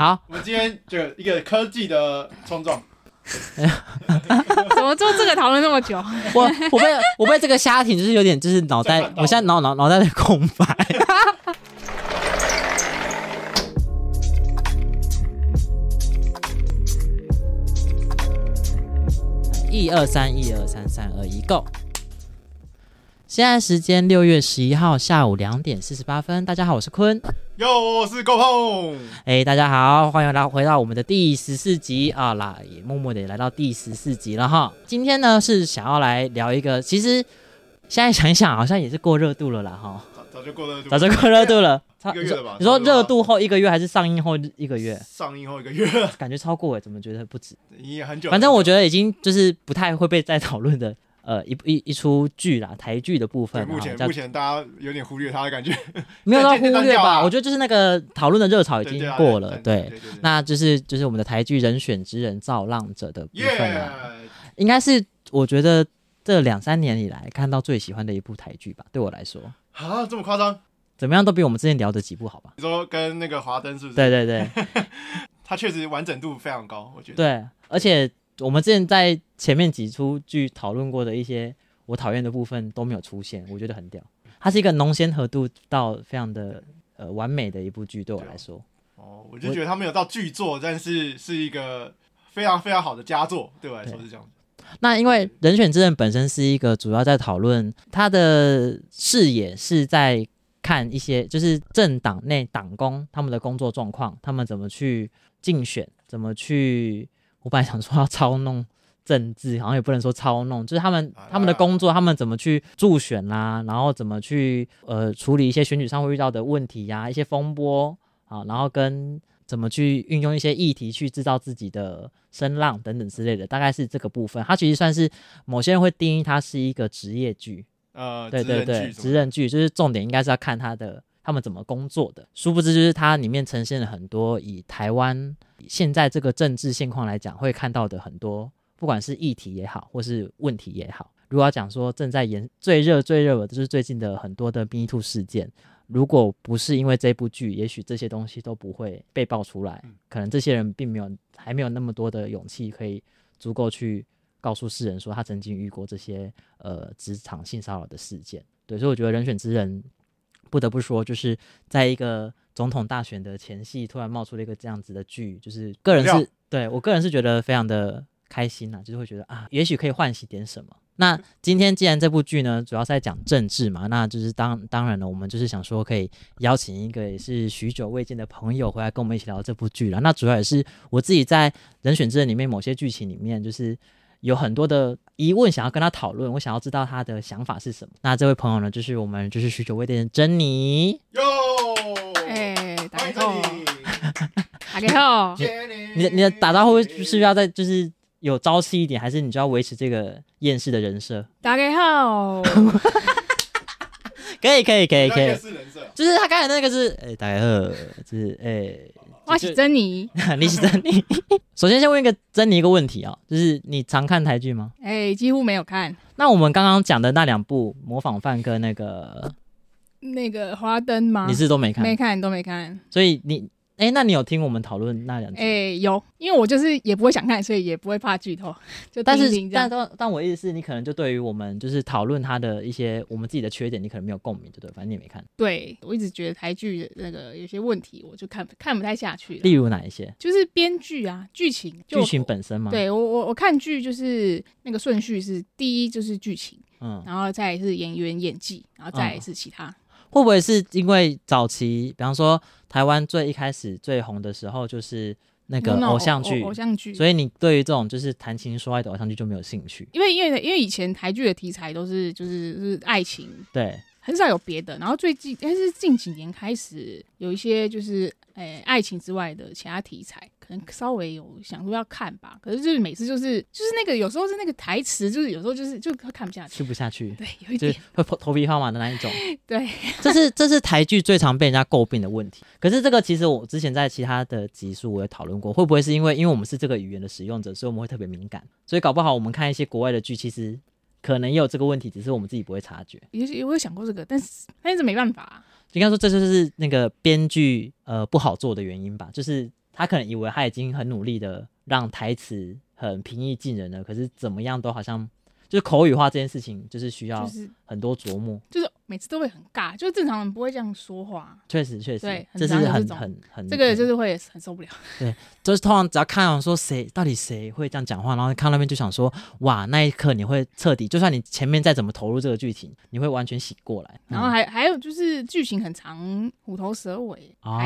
好，我們今天就一個科技的衝撞， 怎麼做這個討論那麼久？我我被我被這個蝦挺，就是有點就是腦袋，我現在腦腦腦袋的空白。一二三，一二三，三二一，Go！現在時間六月十一號下午兩點四十八分，大家好，我是坤。Yo，我是 GoPong 哎，大家好，歡迎來回到我們的第十四集啊，啦也默默的來到第十四集了哈。今天呢是想要來聊一個，其實現在想一想，好像也是過熱度了啦哈。早就過熱度了，早就過熱度了，超，你說熱度後一個月還是上映後一個月？上映後一個月，感覺超過誒，怎麼覺得不止？反正我覺得已經就是不太會被再討論的。呃，一部一一出劇啦，台劇的部分目前,目前大家有點忽略他的感覺， 沒有到忽略吧？ 我覺得就是那個討論的熱潮已經過了，對，對對對對對對對對那就是就是我們的台劇人選之人造浪者的部分了，yeah! 應該是我覺得這兩三年以來看到最喜歡的一部台劇吧，對我來說，啊，這麼誇張，怎麼樣都比我們之前聊的幾部好吧？你說跟那個華燈是不是？對對對，它 確實完整度非常高，我覺得，對，而且。我們之前在前面幾出劇討論過的一些我討厭的部分都沒有出現，我覺得很屌。它是一個濃纖合度到非常的呃完美的一部劇，對我來說、啊。哦，我就覺得它沒有到巨作，但是是一個非常非常好的佳作，對我來說是這樣的。那因為《人選之人》本身是一個主要在討論他的視野是在看一些就是政黨內黨工他們的工作狀況，他們怎麼去競選，怎麼去。我本來想說要操弄政治，好像也不能說操弄，就是他們他們的工作，他們怎麼去助選啦、啊，然後怎麼去呃處理一些選舉上會遇到的問題呀、啊，一些風波啊，然後跟怎麼去運用一些議題去制造自己的聲浪等等之類的，大概是這個部分。它其實算是某些人會定義它是一個職業劇，啊、呃，對對對，對，職人劇就是重點應該是要看他的他們怎麼工作的。殊不知就是它裡面呈現了很多以台灣。現在這個政治現況來講，會看到的很多，不管是議題也好，或是問題也好。如果要講說正在演最熱、最熱的就是最近的很多的 Me Too 事件，如果不是因為這部劇，也許這些東西都不會被爆出來。嗯、可能這些人並沒有還沒有那麼多的勇氣，可以足夠去告訴世人說他曾經遇過這些呃職場性騷擾的事件。對，所以我覺得人選之人。不得不說，就是在一個總統大選的前夕，突然冒出了一個這樣子的劇，就是個人是對我個人是覺得非常的開心吶、啊，就是會覺得啊，也許可以喚醒點什麼。那今天既然這部劇呢，主要是在講政治嘛，那就是當當然了，我們就是想說可以邀請一個也是許久未見的朋友回來跟我們一起聊這部劇了。那主要也是我自己在《人選之人》裡面某些劇情裡面，就是。有很多的疑問想要跟他討論，我想要知道他的想法是什麼。那這位朋友呢，就是我們就是許久未見的珍妮喲。哎、欸，大家好，大家好。你你的打招呼是不是要再就是有朝氣一點，還是你就要維持這個厭世的人設？大家好 可。可以可以可以可以。是人設。就是他剛才那個是哎，大家好，就是哎。欸我是珍妮，你是珍妮。首先，先問一個珍妮一個問題啊、喔，就是你常看台劇嗎？哎、欸，幾乎沒有看。那我們剛剛講的那兩部模仿犯跟那個，那個華燈嗎？你是不是都沒看，沒看都沒看。所以你。哎、欸，那你有聽我們討論那兩集？哎、欸，有，因為我就是也不會想看，所以也不會怕劇透。就聽聽但是，但但，我意思是，你可能就對於我們就是討論它的一些我們自己的缺點，你可能沒有共鳴，對不對？反正你也沒看。對，我一直覺得台劇那個有些問題，我就看，嗯，看不太下去。例如哪一些？就是編劇啊，劇情，劇情本身嘛。對我，我我看劇就是那個順序是：第一就是劇情，嗯，然後再是演員演技，然後再是其他。嗯會不會是因為早期，比方說台灣最一開始最紅的時候，就是那個偶像劇，oh no，偶像劇，所以你對於這種就是談情說愛的偶像劇就沒有興趣？因為因為因為以前台劇的題材都是就是、就是愛情，對，很少有別的。然後最近但是近幾年開始有一些就是誒、欸、愛情之外的其他題材。稍微有想過要看吧，可是就是每次就是就是那個有時候是那個台詞，就是有時候就是就看不下去，吃不下去，對，有一點就是會頭皮發麻的那一種。 對這，這是這是台劇最常被人家詬病的問題。可是這個其實我之前在其他的集數我也討論過，會不會是因為因為我們是這個語言的使用者，所以我們會特別敏感，所以搞不好我們看一些國外的劇，其實可能也有這個問題，只是我們自己不會察覺。也也有想過這個，但是但也是沒辦法、啊。應該說這就是那個編劇呃不好做的原因吧，就是。他可能以為他已經很努力的讓台詞很平易近人了，可是怎麼樣都好像。就是口語化這件事情，就是需要很多琢磨，就是、就是、每次都會很尬，就是正常人不會這樣說話。確實確實，對，這，這是很很很，這個就是會很受不了。對，就是通常只要看到說，誰到底誰會這樣講話，然後看那邊就想說，哇，那一刻你會徹底，就算你前面再怎麼投入這個劇情，你會完全醒過來。然後還、嗯、還有就是劇情很長，虎頭蛇尾。哦，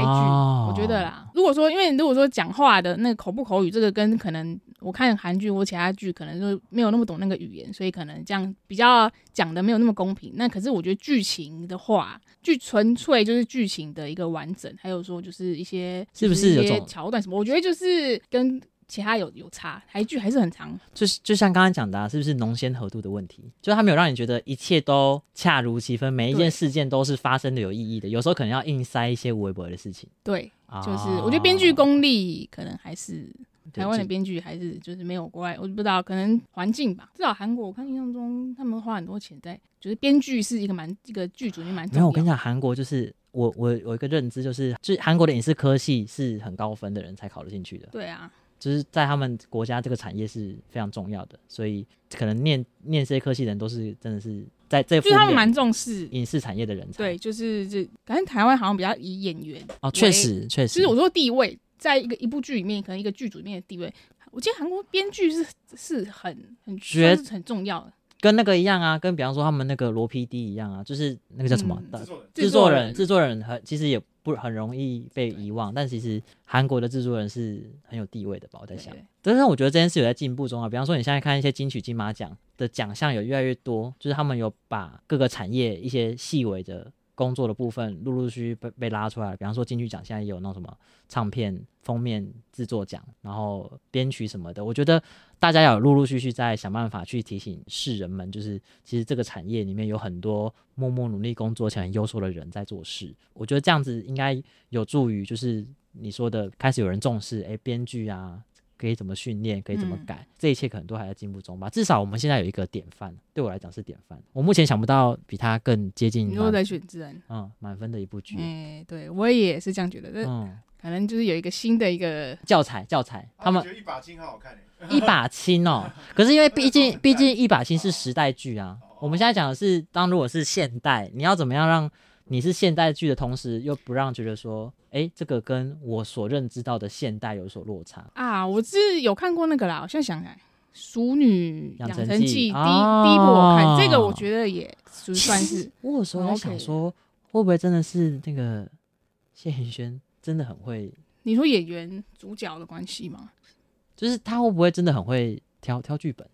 劇，我覺得啦，如果說，因為如果說講話的那個口不口語，這個跟可能我看韓劇或其他劇可能就沒有那麼懂那個語言。所以可能這樣比較講的沒有那麼公平。那可是我覺得劇情的話，劇純粹就是劇情的一個完整，還有說就是一些是不是有些橋段什麼？我覺得就是跟其他有有差，台劇還是很長。就是就像剛剛講的、啊，是不是濃先合度的問題？就是他沒有讓你覺得一切都恰如其分，每一件事件都是發生的有意義的。有時候可能要硬塞一些無謂的事情。對，就是我覺得編劇功力可能還是。台灣的編劇還是就是沒有國外，我就不知道，可能環境吧。至少韓國，我看印象中他們花很多錢在，就是編劇是一個蠻這個劇組也蠻。沒有，我跟你講，韓國就是我我有一個認知，就是，就是就韓國的影視科系是很高分的人才考得進去的。對啊，就是在他們國家這個產業是非常重要的，所以可能念念這些科系的人都是真的是在這。就是他們蠻重視影視產業的人才。對，就是這感覺台灣好像比較以演員哦，確實確實。其實我說地位。在一個一部劇裡面，可能一個劇組裡面的地位，我記得韓國編劇是是很很覺是很重要的，跟那個一樣啊，跟比方說他們那個羅 PD 一樣啊，就是那個叫什麼？嗯、的、制作人，制作人，制作人很其實也不很容易被遺忘，但其實韓國的制作人是很有地位的吧？我在想，但是我覺得這件事有在進步中啊，比方說你現在看一些金曲金馬獎的獎項有越來越多，就是他們有把各個產業一些細微的。工作的部分陸陸續續被被拉出來了，比方說金曲獎現在也有那種什麼唱片封面制作獎，然後編曲什麼的，我覺得大家要陸陸續續在想辦法去提醒世人們，就是其實這個產業裡面有很多默默努力工作且很優秀的人在做事。我覺得這樣子應該有助於，就是你說的開始有人重視，哎、欸，編劇啊。可以怎麼訓練？可以怎麼改，嗯？這一切可能都還在進步中吧。至少我們現在有一個典範，對我來講是典範。我目前想不到比它更接近《人選之人》，嗯，滿分的一部劇。哎，欸，對我也是這樣覺得這。嗯，可能就是有一個新的一個教材教材。他們、啊、覺得《一把青》很好看，欸、 一把青》哦。可是因為畢竟畢竟《一把青》是時代劇啊。我們現在講的是，當如果是現代，你要怎麼樣讓？你是現代劇的同時，又不讓覺得說，哎、欸，這個跟我所認知到的現代有所落差啊！我是有看過那個啦，我現在想俗女養成記》低第、哦、我看這個，我覺得也就算是。我有時候有想說在想，說會不會真的是那個、嗯、謝盈萱真的很會？你說演員主角的關係嗎？就是他會不會真的很會挑挑劇本？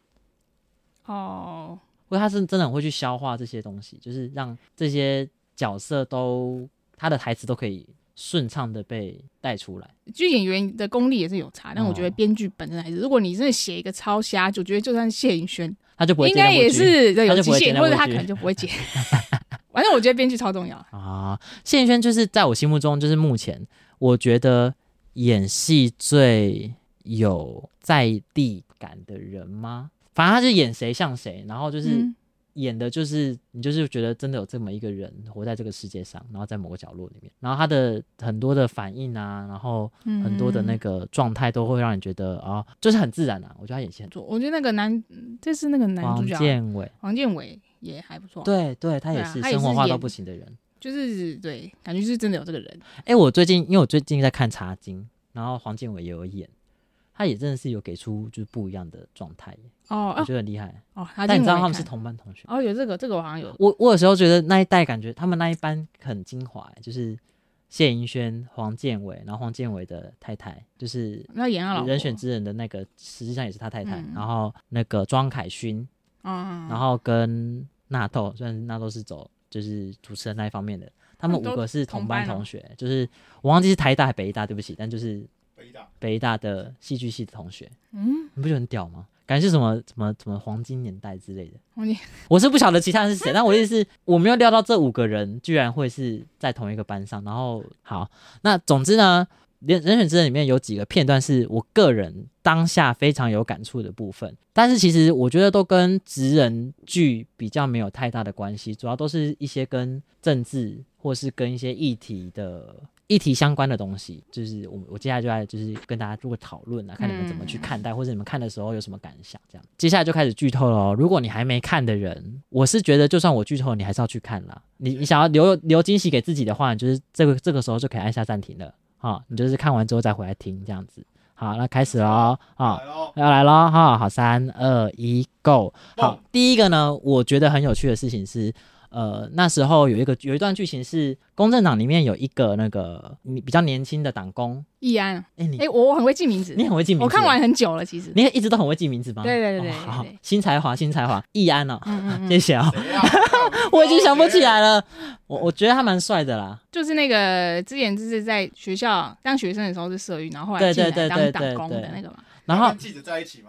哦，不過他是真的很會去消化這些東西，就是讓這些。角色都，他的台詞都可以順暢的被帶出來。就演員的功力也是有差，但我覺得編劇本身還是，如果你真的寫一個超瞎主角，覺得就算是謝盈萱，他就不會接。應該也是對，有極限，或者他可能就不會接。 反正我覺得編劇超重要啊。謝盈萱，就是在我心目中，就是目前我覺得演戲最有在地感的人嗎？反正他是演誰像誰，然後就是。嗯演的就是你，就是覺得真的有這麼一個人活在這個世界上，然後在某個角落裡面，然後他的很多的反應啊，然後很多的那個狀態都會讓你覺得啊、嗯哦，就是很自然啊，我覺得他演戲很做，我覺得那個男，就是那個男主角黃建偉，黃建偉也還不錯。對對，他也是生活化到不行的人，是就是對，感覺就是真的有這個人。哎、欸，我最近因為我最近在看《茶金》，然後黃建偉也有演。他也真的是有給出就是不一樣的狀態哦，我覺得很厲害哦。但你知道他們是同班同學，哦，同班同學哦，有這個這個我好像有。我我有時候覺得那一代感覺他們那一班很精華、欸，就是謝盈萱、黃健瑋，然後黃健瑋的太太就是那人選之人的那個，實際上也是他太太。嗯、然後那個莊凱勛，然後跟納豆，雖然納豆是走就是主持人那一方面的，他們，同同、欸、他們五個是同班同、啊、學，就是我忘記是台大還是北大，對不起，但就是。北大的戲劇系的同學，嗯，你不覺得很屌嗎？感覺是什麼什麼什麼黃金年代之類的。我是不曉得其他人是誰，但我意思是我沒有料到這五個人居然會是在同一個班上。然後好，那總之呢，人人選之人裡面有幾個片段是我個人當下非常有感觸的部分，但是其實我覺得都跟職人劇比較沒有太大的關係，主要都是一些跟政治或是跟一些議題的。議題相關的東西，就是我我接下來就要就是跟大家做個討論啊，看你們怎麼去看待，嗯、或者你們看的時候有什麼感想這樣。接下來就開始劇透嘍、哦。如果你還沒看的人，我是覺得就算我劇透，你還是要去看啦。你你想要留留驚喜給自己的話，你就是這個這個時候就可以按下暫停了，好、哦，你就是看完之後再回來聽這樣子。好，那開始嘍、哦哦，好，要來嘍，哈，好，三二一，go。好，oh. 第一個呢，我覺得很有趣的事情是。呃，那時候有一個有一段劇情是，公正黨裡面有一個那個你比較年輕的黨工易安，哎、欸、你哎我、欸、我很會記名字，你很會記名字，我看完很久了其實，你也一直都很會記名字嗎？對對對，對，對，對，哦、好，好，新才華新才華，易安哦，嗯嗯嗯謝謝、哦、啊， 我已經想不起來了，嗯、我我覺得他蠻帥的啦，就是那個之前就是在學校當學生的時候是社運，然後後來進來當黨工的那個嘛。然後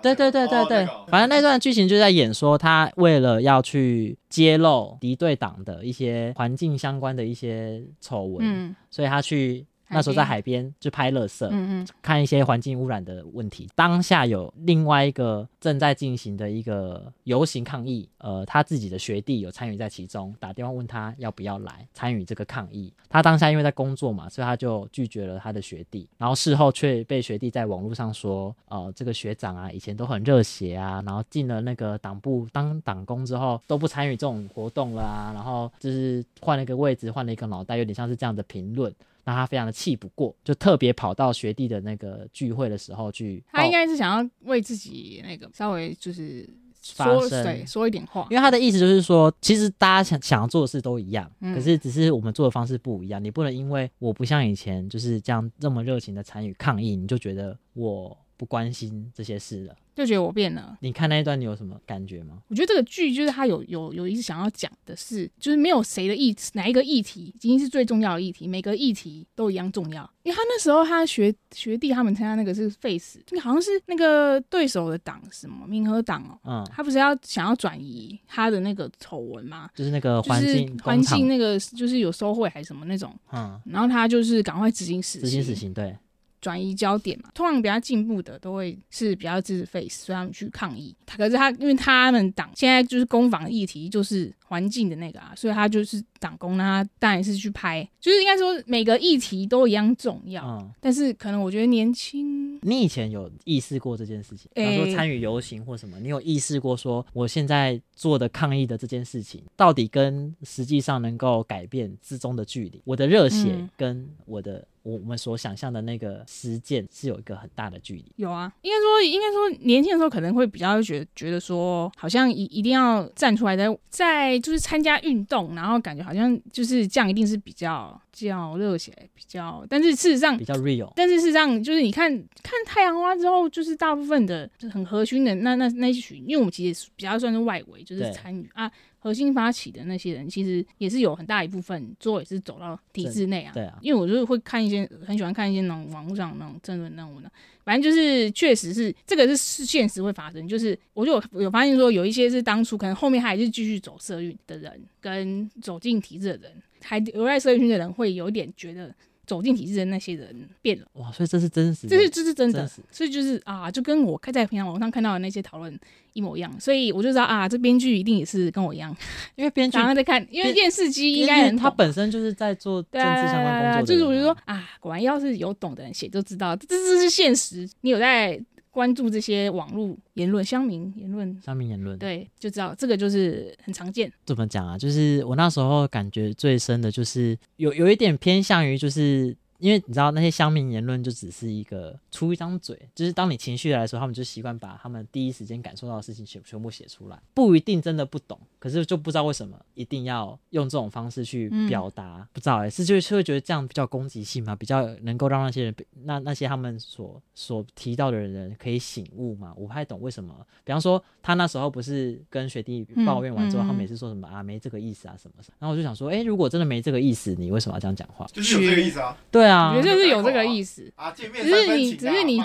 對對對對對，對， 對，對，對，對 反正那段劇情就在演說，他為了要去揭露敵對黨的一些環境相關的一些醜聞，嗯，所以他去。那時候在海邊就拍垃圾，okay. mm -hmm. 看一些環境污染的問題。當下有另外一個正在進行的一個遊行抗議，呃，他自己的學弟有參與在其中，打電話問他要不要來參與這個抗議。他當下因為在工作嘛，所以他就拒絕了他的學弟。然後事後卻被學弟在網絡上說，呃，這個學長啊，以前都很熱血啊，然後進了那個黨部當黨工之後都不參與這種活動啦、啊，然後就是換了一個位置，換了一個腦袋，有點像是這樣的評論。他非常的氣不過，就特別跑到學弟的那個聚會的時候去。他應該是想要為自己那個稍微就是發聲說一點話，因為他的意思就是說，其實大家想想要做的事都一樣，可是只是我們做的方式不一樣、嗯。你不能因為我不像以前就是這樣這麼熱情的參與抗議，你就覺得我。不關心這些事了，就覺得我變了。你看那一段，你有什麼感覺嗎？我覺得這個劇就是他有有有一直想要講的是，就是沒有誰的議題，哪一個議題已經是最重要的議題，每個議題都一樣重要。因為他那時候他學學弟他們參加那個是 face，好像是那個對手的黨什麼民和黨哦、喔，嗯，他不是要想要轉移他的那個醜聞嗎？就是那個環境環、就是、境那個就是有受賄還是什麼那種，嗯，然後他就是趕快執行死刑，執行死刑，對。轉移焦點嘛，通常比較進步的都會是比較支持 Face，所以他們去抗議。可是他，因為他們黨現在就是攻防議題就是環境的那個啊，所以他就是。黨工呢，啊，當然是去拍，就是應該說每個議題都一樣重要。嗯，但是可能我覺得年輕，你以前有意識過這件事情，比，欸，如說參與遊行或什麼，你有意識過說我現在做的抗議的這件事情，到底跟實際上能夠改變之中的距離，我的熱血跟我的我我們所想象的那個實踐是有一個很大的距離。嗯。有啊，應該說應該說年輕的時候可能會比較覺得覺得說好像一一定要站出來在，在在就是參加運動，然後感覺。好像就是這樣，一定是比較比較熱血，比較，但是事實上比較 real，但是事實上就是你看看太陽花之後，就是大部分的就很核心的那那那一群，因為我們其實比較算是外圍，就是參與啊。核心發起的那些人，其實也是有很大一部分，最後也是走到體制內啊對。對啊，因為我就會看一些，很喜歡看一些那種網上那種爭論，那種的、啊。反正就是，確實是這個是現實會發生。就是，我就有發現說，有一些是當初可能後面還是繼續走社運的人，跟走進體制的人，還留在社運的人，會有點覺得。走進體制的那些人變了哇，所以這是真實，這是這是真的，真實，所以就是啊，就跟我在平常網上看到的那些討論一模一樣，所以我就知道啊，這編劇一定也是跟我一樣，因為編劇 常常在看，因為電視機應該他本身就是在做政治相關工作、啊、對，就是我就說啊，果然要是有懂的人寫，就知道這這是現實，你有在。關注這些網絡言論、鄉民言論、鄉民言論，對，就知道這個就是很常見。怎麼講啊？就是我那時候感覺最深的，就是有有一點偏向於就是。因為你知道那些鄉民言論就只是一個出一張嘴，就是當你情緒來的時候，他們就習慣把他們第一時間感受到的事情全全部寫出來，不一定真的不懂，可是就不知道為什麼一定要用這種方式去表達，嗯，不知道，欸，是就會是會覺得這樣比較攻擊性嘛，比較能夠讓那些人那那些他們所所提到的人可以醒悟嘛，我不太懂為什麼。比方說他那時候不是跟學弟抱怨完之後，嗯嗯他每次說什麼啊，沒這個意思啊什麼、什麼，然後我就想說，哎，欸，如果真的沒這個意思，你為什麼要這樣講話？就是有這個意思啊，對啊。我覺得就是有這個意思，只是你只是你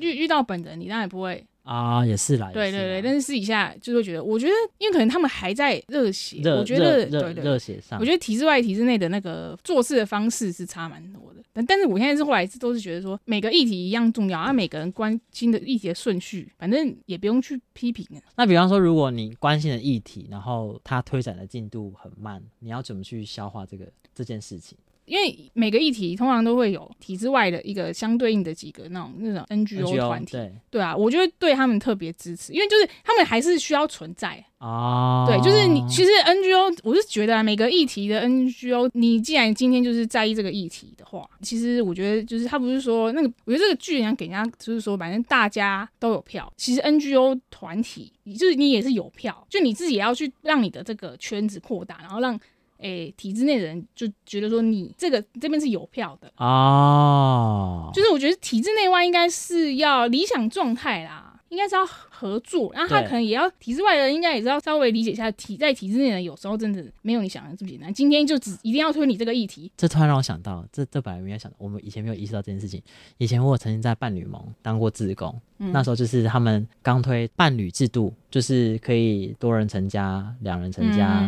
遇遇到本人，你當然不會啊，也是來對對對。但是私底下就會覺得，我覺得因為可能他們還在熱血，我覺得對對熱血上，我覺得體制外、體制內的那個做事的方式是差蠻多的。但但是我現在是後來都是覺得說，每個議題一樣重要、啊，而每個人關心的議題的順序，反正也不用去批評。那比方說，如果你關心的議題，然後它推展的進度很慢，你要怎麼去消化這個這件事情？因為每個議題通常都會有體制外的一個相對應的幾個那種那種 NGO 團體 NGO 對，對啊，我覺得對他們特別支持，因為就是他們還是需要存在啊。對，就是你其實 NGO，我是覺得、啊、每個議題的 NGO，你既然今天就是在意這個議題的話，其實我覺得就是他不是說那個，我覺得這個劇想給人家就是說，反正大家都有票，其實 NGO 團體就是你也是有票，就你自己也要去讓你的這個圈子擴大，然後讓。誒、欸，體制內的人就覺得說你這個這邊是有票的啊，Oh. 就是我覺得體制內外應該是要理想狀態啦。應該是要合作，然後他可能也要體制外的人，應該也是要稍微理解一下體在體制內的人有時候真的沒有你想的這麼簡單。今天就只一定要推你這個議題，這突然讓我想到，這這本來沒有想到。我們以前沒有意識到這件事情。以前我曾經在伴侶盟當過志工、嗯，那時候就是他們剛推伴侶制度，就是可以多人成家、兩人成家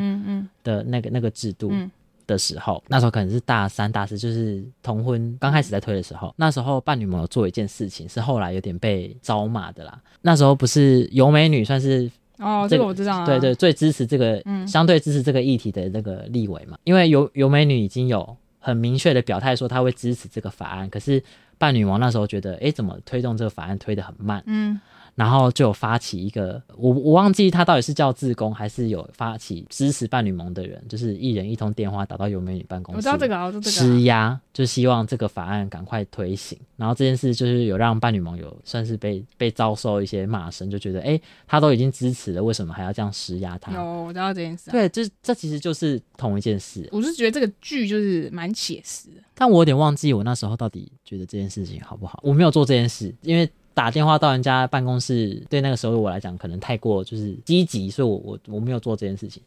的那個、嗯嗯嗯那個制度。嗯的時候，那時候可能是大三、大四，就是同婚剛開始在推的時候。那時候，伴侶盟有做一件事情，是後來有點被招罵的啦。那時候不是尤美女算是、這個、哦，這個我知道對，對對，最支持這個，嗯，相對支持這個議題的那個立委嘛。因為尤美女已經有很明確的表態說她會支持這個法案，可是伴侶盟那時候覺得，哎、欸，怎麼推動這個法案推得很慢？嗯。然後就有發起一個，我我忘記他到底是叫志工，還是有發起支持伴侶盟的人，就是一人一通電話打到尤美女辦公室，我知道這個、啊，我知道這個、啊，施壓，就希望這個法案趕快推行。然後這件事就是有讓伴侶盟有算是被被遭受一些罵聲，就覺得哎、欸，他都已經支持了，為什麼還要這樣施壓他？他有我知道這件事、啊？對，這這其實就是同一件事。我是覺得這個劇就是蠻寫實的，但我有點忘記我那時候到底覺得這件事情好不好？我沒有做這件事，因為。打電話到人家辦公室，對那個時候的我來講，可能太過就是積極，所以我我我沒有做這件事情。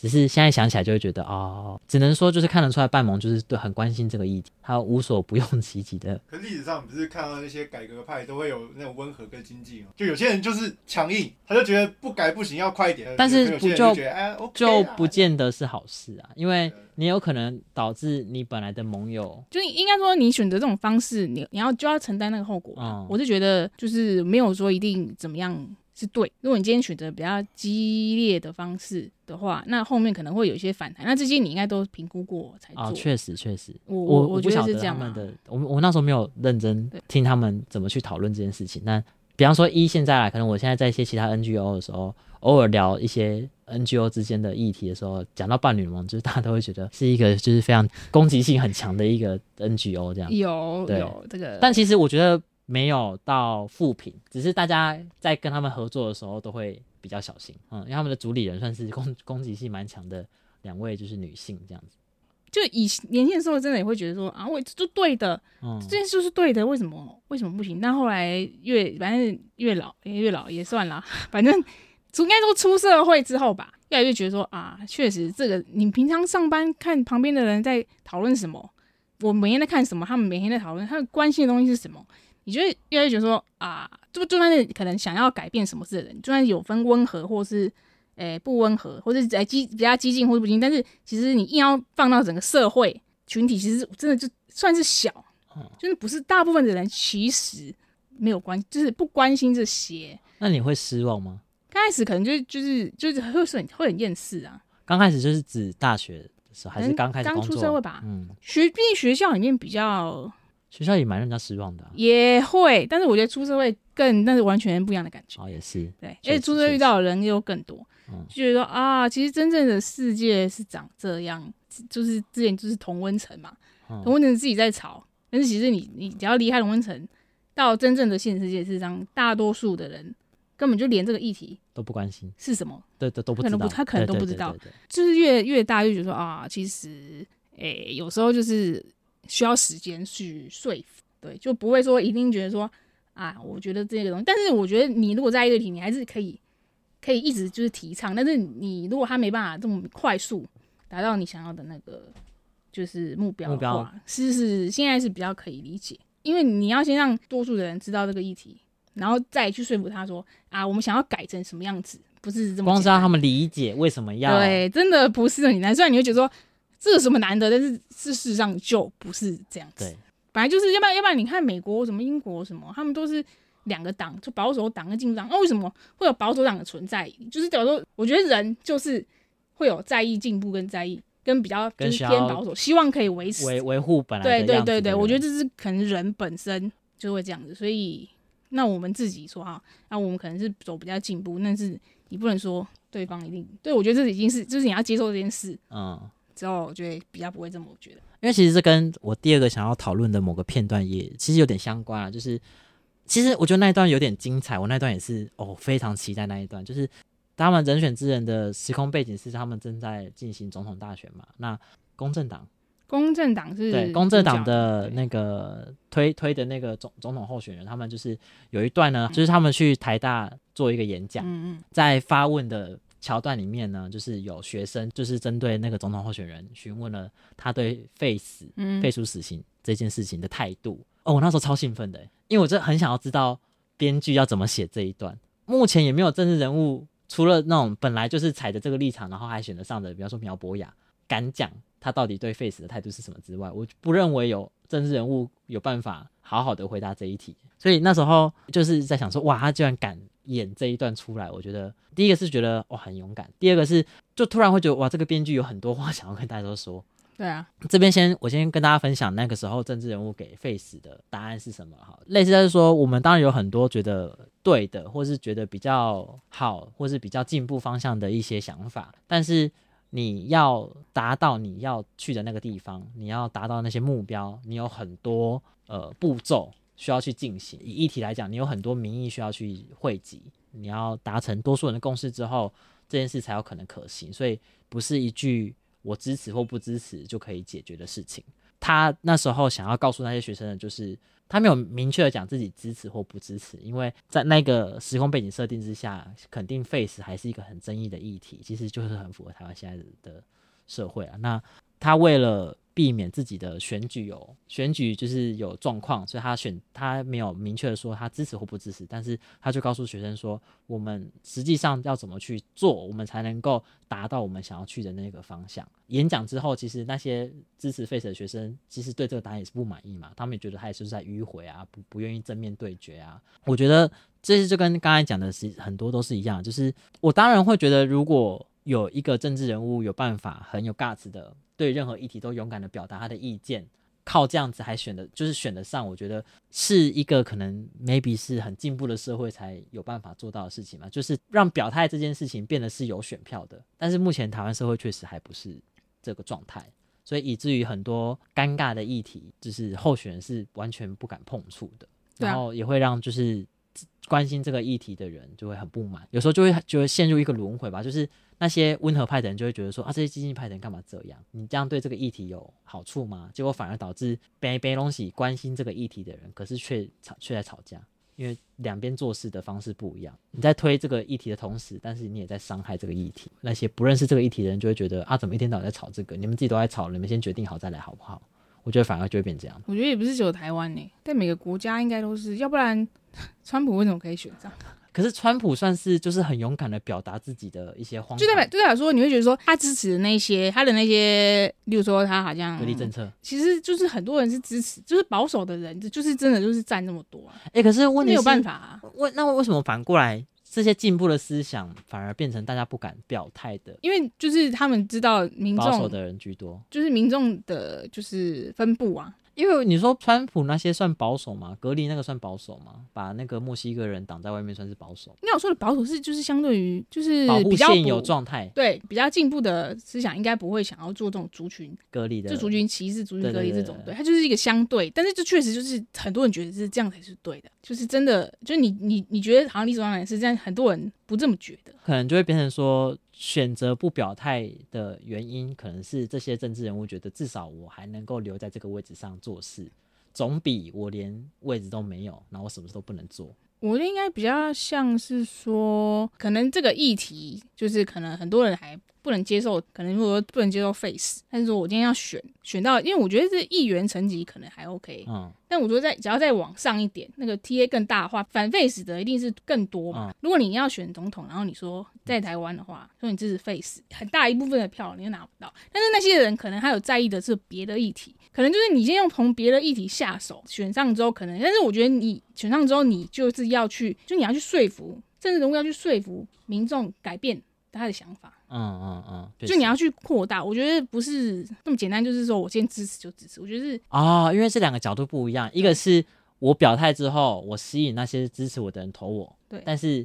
只是現在想起來就會覺得哦，只能說就是看得出來，半盟就是對很關心這個議題，他無所不用其極的。可歷史上不是看到那些改革派都會有那種溫和跟激進嗎？就有些人就是強硬，他就覺得不改不行，要快一點。但是不就就，哎 okay，就不見得是好事啊，因為你有可能導致你本來的盟友，就應該說你選擇這種方式，你你要就要承擔那個後果，嗯。我是覺得就是沒有說一定怎麼樣。是對，如果你今天選擇比較激烈的方式的話，那後面可能會有一些反彈。那這些你應該都評估過我才知道。確實確實，我我不曉得他們的，我們、啊、我，我那時候沒有認真聽他們怎麼去討論這件事情。那比方說一，一現在可能我現在在一些其他 NGO 的時候，偶爾聊一些 NGO 之間的議題的時候，講到伴侶盟，就是大家都會覺得是一個就是非常攻擊性很強的一個 NGO，這樣 有有這個，但其實我覺得。沒有到負評，只是大家在跟他們合作的時候都會比較小心，嗯，因為他們的主理人算是攻攻擊性蠻強的兩位，就是女性這樣子。就以前年輕的時候真的也會覺得說啊，我這就對的，嗯、這件事是對的，為什麼為什麼不行？但後來越反正越老，欸、越老也算了，反正總應該都出社會之後吧，越來越覺得說啊，確實這個你平常上班看旁邊的人在討論什麼，我每天在看什麼，他們每天在討論，他們關心的東西是什麼。你就會越來越覺得說啊，就就算是可能想要改變什麼事的人，就算是有分溫和或是，誒，不溫和，或者誒激比較激進或是不激進，但是其實你硬要放到整個社會群體，其實真的就算是小，嗯，就是不是大部分的人其實沒有關，就是不關心這些。那你會失望嗎？剛開始可能就就是就是會很會很厭世啊。剛開始就是指大學的時候，還是剛開始剛出社會吧？嗯，學畢竟學校裡面比較。學校也蠻讓人家失望的，啊，也會，但是我覺得出社會更，那是完全不一樣的感覺啊，也是，對，而且出社會遇到的人又更多，就覺得說啊，其實真正的世界是長這樣，嗯，就是之前就是同溫層嘛，嗯，同溫層自己在吵，但是其實你你只要離開同溫層，到真正的現實世界是這樣，大多數的人根本就連這個議題都不關心，是什麼？對，都都不知道，可能不他可能都不知道，對對對對對對，就是越越大越覺得說啊，其實哎，欸、有時候就是。需要時間去說服，對，就不會說一定覺得說啊，我覺得這個東西。但是我覺得你如果在一個題，你還是可以可以一直就是提倡。但是你如果他沒辦法這麼快速達到你想要的那個就是目標的話，目標是是現在是比較可以理解，因為你要先讓多數的人知道這個議題，然後再去說服他說啊，我們想要改成什麼樣子，不是這麼光知道他們理解為什麼要，對，真的不是很難。雖然你會覺得說。這有什麼難的？但是事實上就不是這樣子。對本來就是要不然，要不然你看美國什麼、英國什麼，他們都是兩個黨，就保守黨跟進黨。哦、啊，為什麼會有保守黨的存在？就是，假如說，我覺得人就是會有在意進步，跟在意跟比較就是偏保守，希望可以維持維維護本來的的。對對對對，我覺得這是可能人本身就會這樣子。所以，那我們自己說哈，那我們可能是走比較進步，但是你不能說對方一定。對，我覺得這已經是就是你要接受這件事。嗯。之後，我覺得比較不會這麼覺得，因為其實這跟我第二個想要討論的某個片段也其實有點相關啊，就是其實我覺得那一段有點精彩，我那段也是哦，非常期待那一段，就是他們人選之人的時空背景是他們正在進行總統大選嘛，那公正黨，公正黨是對公正黨的那個推推的那個總總統候選人，他們就是有一段呢、嗯，就是他們去台大做一個演講，嗯嗯，在發問的。橋段裡面呢，就是有學生就是針對那個總統候選人詢問了他對廢死、嗯、廢除死刑這件事情的態度。哦，我那時候超興奮的，因為我真的很想要知道編劇要怎麼寫這一段。目前也沒有政治人物，除了那種本來就是踩着這個立場，然後還選得上的，比方說苗博雅敢講他到底對廢死的態度是什麼之外，我不認為有政治人物有辦法好好的回答這一題。所以那時候就是在想說，哇，他居然敢！演這一段出來，我覺得第一個是覺得哇，很勇敢，第二個是就突然會覺得哇，這個編劇有很多話想要跟大家說。對啊，這邊先我先跟大家分享那個時候政治人物給 Face 的答案是什麼哈，類似就是說我們當然有很多覺得對的，或是覺得比較好，或是比較進步方向的一些想法，但是你要達到你要去的那個地方，你要達到那些目標，你有很多呃步驟。需要去進行以議題來講，你有很多民意需要去匯集，你要達成多數人的共識之後，這件事才有可能可行。所以不是一句我支持或不支持就可以解決的事情。他那時候想要告訴那些學生的就是，他沒有明確的講自己支持或不支持，因為在那個時空背景設定之下，肯定廢死還是一個很爭議的議題，其實就是很符合台灣現在的社會啊。那他為了。避免自己的選舉有選舉就是有狀況，所以他選他沒有明確的說他支持或不支持，但是他就告訴學生說，我們實際上要怎麼去做，我們才能夠達到我們想要去的那個方向。演講之後，其實那些支持 Face 的學生其實對這個答案也是不滿意嘛，他們也覺得他也是在迂回啊，不不願意正面對決啊。我覺得這些就跟剛才講的是很多都是一樣，就是我當然會覺得如果。有一個政治人物有辦法很有 guts 的對任何議題都勇敢的表達他的意見，靠這樣子還選的，就是選得上。我覺得是一個可能 maybe 是很進步的社會才有辦法做到的事情嘛，就是讓表態這件事情變得是有選票的。但是目前台灣社會確實還不是這個狀態，所以以至於很多尷尬的議題，就是候選人是完全不敢碰觸的，然後也會讓就是關心這個議題的人就會很不滿，有時候就會就會陷入一個輪迴吧，就是。那些溫和派的人就會覺得說啊，這些激進派的人幹嘛這樣？你這樣對這個議題有好處嗎？結果反而導致彼此都是關心這個議題的人，可是卻吵卻在吵架，因為兩邊做事的方式不一樣。你在推這個議題的同時，但是你也在傷害這個議題。那些不認識這個議題的人就會覺得啊，怎麼一天到晚在吵這個？你們自己都在吵，你們先決定好再來好不好？我覺得反而就會變這樣。我覺得也不是只有台灣呢、欸，但每個國家應該都是，要不然川普為什麼可以選上？可是川普算是就是很勇敢的表達自己的一些荒就，就代表就代表說你會覺得說他支持的那些他的那些，例如說他好像隔離政策、嗯，其實就是很多人是支持，就是保守的人，就是真的就是占那麼多啊。哎、嗯欸，可是,問題是沒有辦法啊。為那為什麼反過來這些進步的思想反而變成大家不敢表態的,的？因為就是他們知道民眾保守的人居多，就是民眾的就是分布啊。因為你說川普那些算保守嗎？隔離那個算保守嗎？把那個墨西哥人擋在外面算是保守？那我說的保守是就是相對於就是比較保護現有狀態，對比較進步的思想，應該不會想要做這種族群隔離的，就族群歧視、族群隔離這種，對，對，對，對，它就是一個相對。但是這確實就是很多人覺得是這樣才是對的，就是真的，就是你你你覺得好像理所當然是這樣，很多人不這麼覺得，可能就會變成說。選擇不表態的原因，可能是這些政治人物覺得，至少我還能夠留在這個位置上做事，總比我連位置都沒有，那我什麼事都不能做。我應該比較像是說，可能這個議題。就是可能很多人還不能接受，可能如果不能接受 Face，但是說我今天要選選到，因為我覺得是議員層級可能還 OK，嗯，但我覺得在只要再往上一點，那個 TA 更大的話，反 Face 的一定是更多嘛。如果你要選總統，然後你說在台灣的話，說你支持 Face，很大一部分的票你都拿不到，但是那些人可能還有在意的是別的議題，可能就是你先用從別的議題下手，選上之後可能，但是我覺得你選上之後，你就是要去，就你要去說服政治人物，要去說服民眾改變他的想法，嗯嗯嗯、就是，就你要去擴大，我覺得不是那麼簡單，就是說我先支持就支持，我覺得是啊、哦，因為這兩個角度不一樣，一個是我表態之後，我吸引那些支持我的人投我，對，但是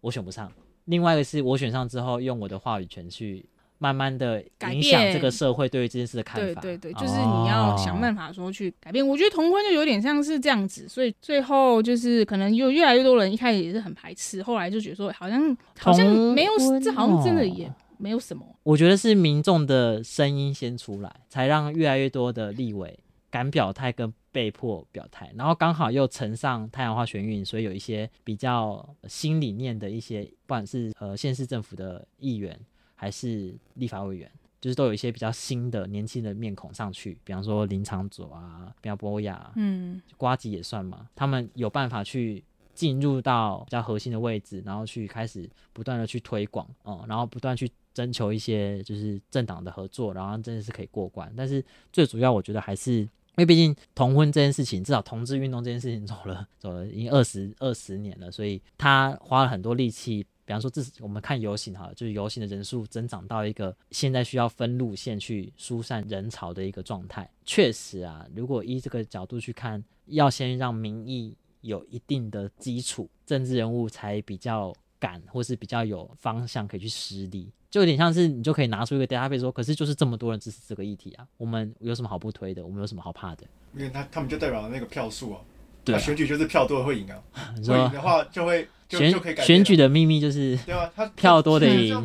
我選不上；另外一個是我選上之後，用我的話語權去。慢慢的影響這個社會對於這件事的看法。改變，對對對，就是你要想辦法說去改變。Oh. 我覺得同婚就有點像是這樣子，所以最後就是可能又越來越多人一開始也是很排斥，後來就覺得說好像好像沒有，這好像真的也沒有什麼。我覺得是民眾的聲音先出來，才讓越來越多的立委敢表態跟被迫表態，然後剛好又乘上太陽花學運，所以有一些比較新理念的一些，不管是呃縣市政府的議員。還是立法委員，就是都有一些比較新的、年輕的面孔上去，比方說林昶佐啊，比方說博雅，嗯，呱吉也算嘛。他們有辦法去進入到比較核心的位置，然後去開始不斷的去推廣哦、嗯，然後不斷去徵求一些就是政黨的合作，然後真的是可以過關。但是最主要，我覺得還是因為畢竟同婚這件事情，至少同志運動這件事情走了走了，已經二十二十年了，所以他花了很多力氣。比方說這，這是我們看遊行哈，就是遊行的人數增長到一個現在需要分路線去疏散人潮的一個狀態。確實啊，如果依這個角度去看，要先讓民意有一定的基礎，政治人物才比較敢，或是比較有方向可以去施力。就有點像是你就可以拿出一個 data 說，可是就是這麼多人支持這個議題啊，我們有什麼好不推的？我們有什麼好怕的？因為他他們就代表了那個票數啊。對啊啊、選舉就是票多的會贏啊！所以的話就會就選就就可以改變，啊、選、選舉的秘密就是就票多的贏，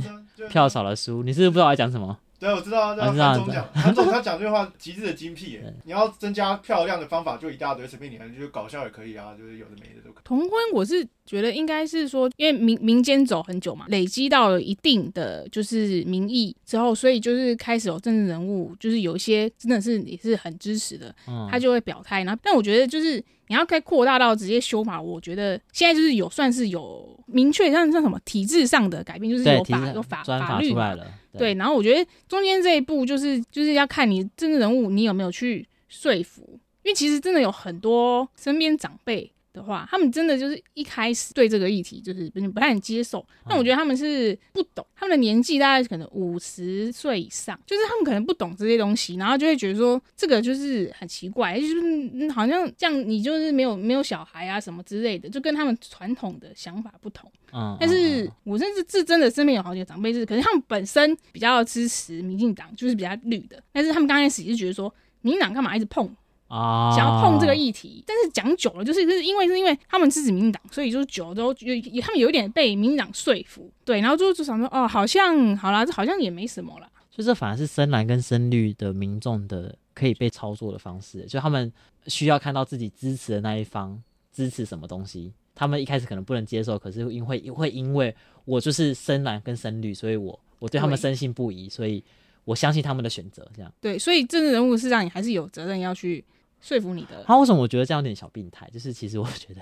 票少的輸。你是不是不知道我在講什麼？對，我知道啊。那、啊、總他講這句話極 致的精闢、欸。你要增加漂亮的方法，就一大堆，隨便你，就是搞笑也可以啊，就是有的沒的。都可以。同婚，我是覺得應該是說，因為民民間走很久嘛，累積到了一定的就是民意之後，所以就是開始有政治人物，就是有一些真的是也是很支持的，嗯、他就會表態。然後，但我覺得就是。你要可以擴大到直接修法，我覺得現在就是有算是有明確像像什麼體制上的改變，就是有法有法法律法出來對，對，然後我覺得中間這一步就是就是要看你政治人物你有沒有去說服，因為其實真的有很多身邊長輩。的話，他們真的就是一開始對這個議題就是不不太能接受，嗯。但我覺得他們是不懂，他們的年紀大概可能五十歲以上，就是他們可能不懂這些東西，然後就會覺得說這個就是很奇怪，就是好像這樣你就是沒有沒有小孩啊什麼之類的，就跟他們傳統的想法不同。嗯，但是我甚至至真的身邊有好幾個長輩是，可是他們本身比較支持民進黨，就是比較綠的，但是他們剛開始就覺得說民進黨幹嘛一直碰。啊，想要碰這個議題，啊、但是講久了，就是就是因為是因為他們支持民進黨，所以就是久了都有他們有一點被民進黨說服，對，然後就就想說，哦，好像好啦，好像也沒什麼啦。所以這反而是深藍跟深綠的民眾的可以被操作的方式，就他們需要看到自己支持的那一方支持什麼東西，他們一開始可能不能接受，可是因為會因為我就是深藍跟深綠，所以我我對他們深信不疑，所以我相信他們的選擇，這樣。對，所以政治人物是讓你還是有責任要去。說服你的他、啊、為什麼？我覺得這樣有點小病態，就是其實我覺得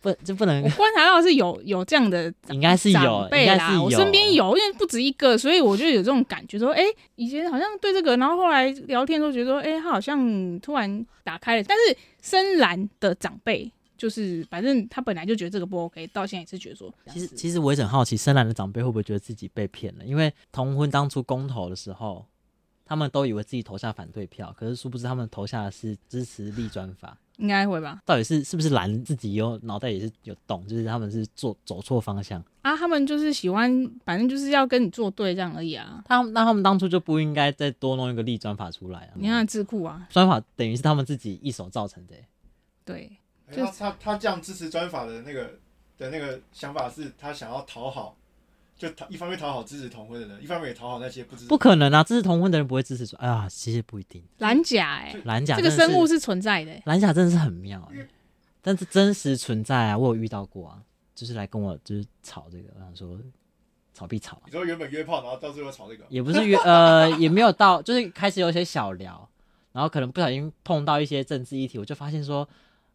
不，就不能。我觀察到是有有這樣的，應該是有長輩啦，是有，我身邊有，因為不止一個，所以我就有這種感覺說，說 哎、欸，以前好像對這個，然後後來聊天都覺得說，哎、欸，他好像突然打開了。但是深藍的長輩，就是反正他本來就覺得這個不 OK，到現在也是覺得說，其實其實我也很好奇，深藍的長輩會不會覺得自己被騙了？因為同婚當初公投的時候。他們都以為自己投下反對票，可是殊不知他們投下的是支持立專法，應該會吧？到底是是不是藍自己有腦袋也是有洞，就是他們是做走錯方向啊？他們就是喜歡反正就是要跟你作對這樣而已啊！他那他們當初就不應該再多弄一個立專法出來啊！你看智庫啊，專法等於是他們自己一手造成的、欸，對，就是欸、他他這樣支持專法的那個的那個想法是，他想要討好。就一方面討好支持同婚的人，一方面也討好那些不支持同婚的人。不可能啊！支持同婚的人不會支持說哎呀，其實不一定。藍甲哎、欸，藍甲這個生物是存在的、欸。藍甲真的是很妙哎、欸，但是真實存在啊，我有遇到過啊，就是來跟我就是吵這個，我想說吵屁吵。你說原本約炮，然後到最後吵這個，也不是約呃， 也沒有到，就是開始有些小聊，然後可能不小心碰到一些政治議題，我就發現說。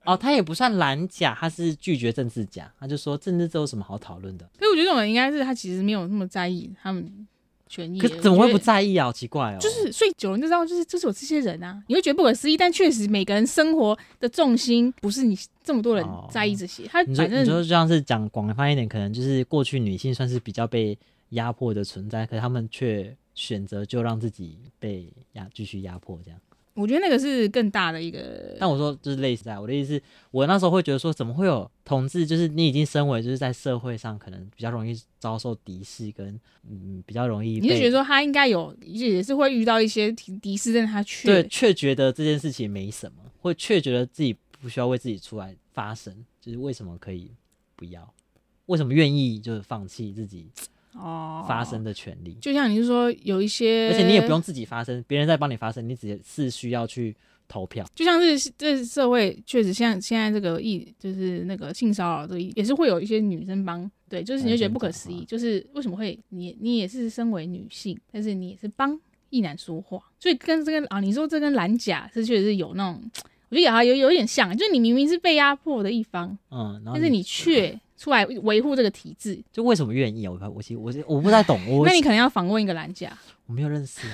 哦，他也不算藍假，他是拒絕政治假，他就說政治這有什麼好討論的？所以我覺得這種人應該是他其實沒有那麼在意他們權益。可怎麼會不在意啊？好奇怪哦！就是睡久了就知道、就是，就是就是有這些人啊，你會覺得不可思議，但確實每個人生活的重心不是你這麼多人在意這些。哦、他，你說就像是講廣泛一點，可能就是過去女性算是比較被壓迫的存在，可是他們卻選擇就讓自己被壓繼續壓迫這樣。我覺得那個是更大的一個，但我說就是類似，啊，我的意思，我那時候會覺得說，怎麼會有同志？就是你已經身為，就是在社會上可能比較容易遭受敵視，跟嗯比較容易。你就覺得說他應該有，也是會遇到一些敵敵視，但他卻對卻覺得這件事情沒什麼，或卻覺得自己不需要為自己出來發聲，就是為什麼可以不要？為什麼願意就是放棄自己？哦，發聲的權利，就像你是說有一些，而且你也不用自己發聲，別人在幫你發聲，你只是需要去投票。就像是這是社會確實像現在這個異，就是那個性騷擾，這也是會有一些女生幫。對，就是你就覺得不可思議，嗯，就是為什麼會你，你也是身為女性，但是你也是幫異男說話，所以跟這個啊，你說這跟藍甲是確實是有那種，我覺得也有有，有點像，就是你明明是被壓迫的一方，嗯，但是你卻。出來維護這個體制，就為什麼願意啊？我怕我其實我我，我，我不太懂。我 那你可能要訪問一個男家，我沒有認識啊。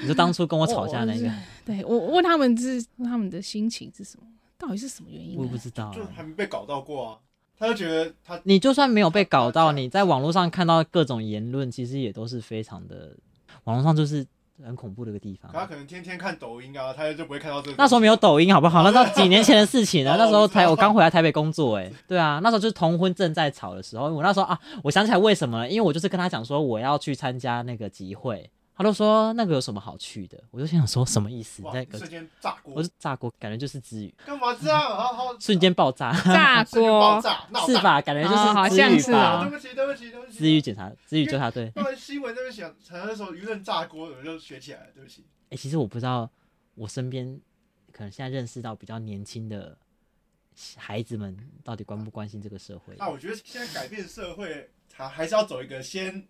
你就當初跟我吵架那個，我我就是、對我問他們是他們的心情是什麼？到底是什麼原因？我也不知道、啊，就是還沒被搞到過啊。他就覺得他你就算沒有被搞到，你在網絡上看到各種言論，其實也都是非常的網絡上就是。很恐怖的一個地方、啊。他可能天天看抖音啊，他就不會看到這個。那時候沒有抖音，好不好？啊啊，那時候幾年前的事情了，啊啊。那時候才我剛回來台北工作、欸，哎，對啊，那時候就是同婚正在吵的時候。我那時候啊，我想起來為什麼了，因為我就是跟他講說我要去參加那個集會。他都說那個有什麼好去的，我就想說什麼意思那個，我就炸鍋，感覺就是支語。幹嘛知道、嗯啊啊？瞬間爆炸，炸鍋 是吧？感覺就是、哦、好像是吧、哦啊。對不起，對不起，對不起，支語檢查，支語糾察隊。新聞那邊講，好像說輿論炸鍋，我就學起來了。對不起。哎、欸，其實我不知道，我身邊可能現在認識到比較年輕的，孩子們到底關不關心這個社會？那、啊啊、我覺得現在改變社會，還 還是要走一個先。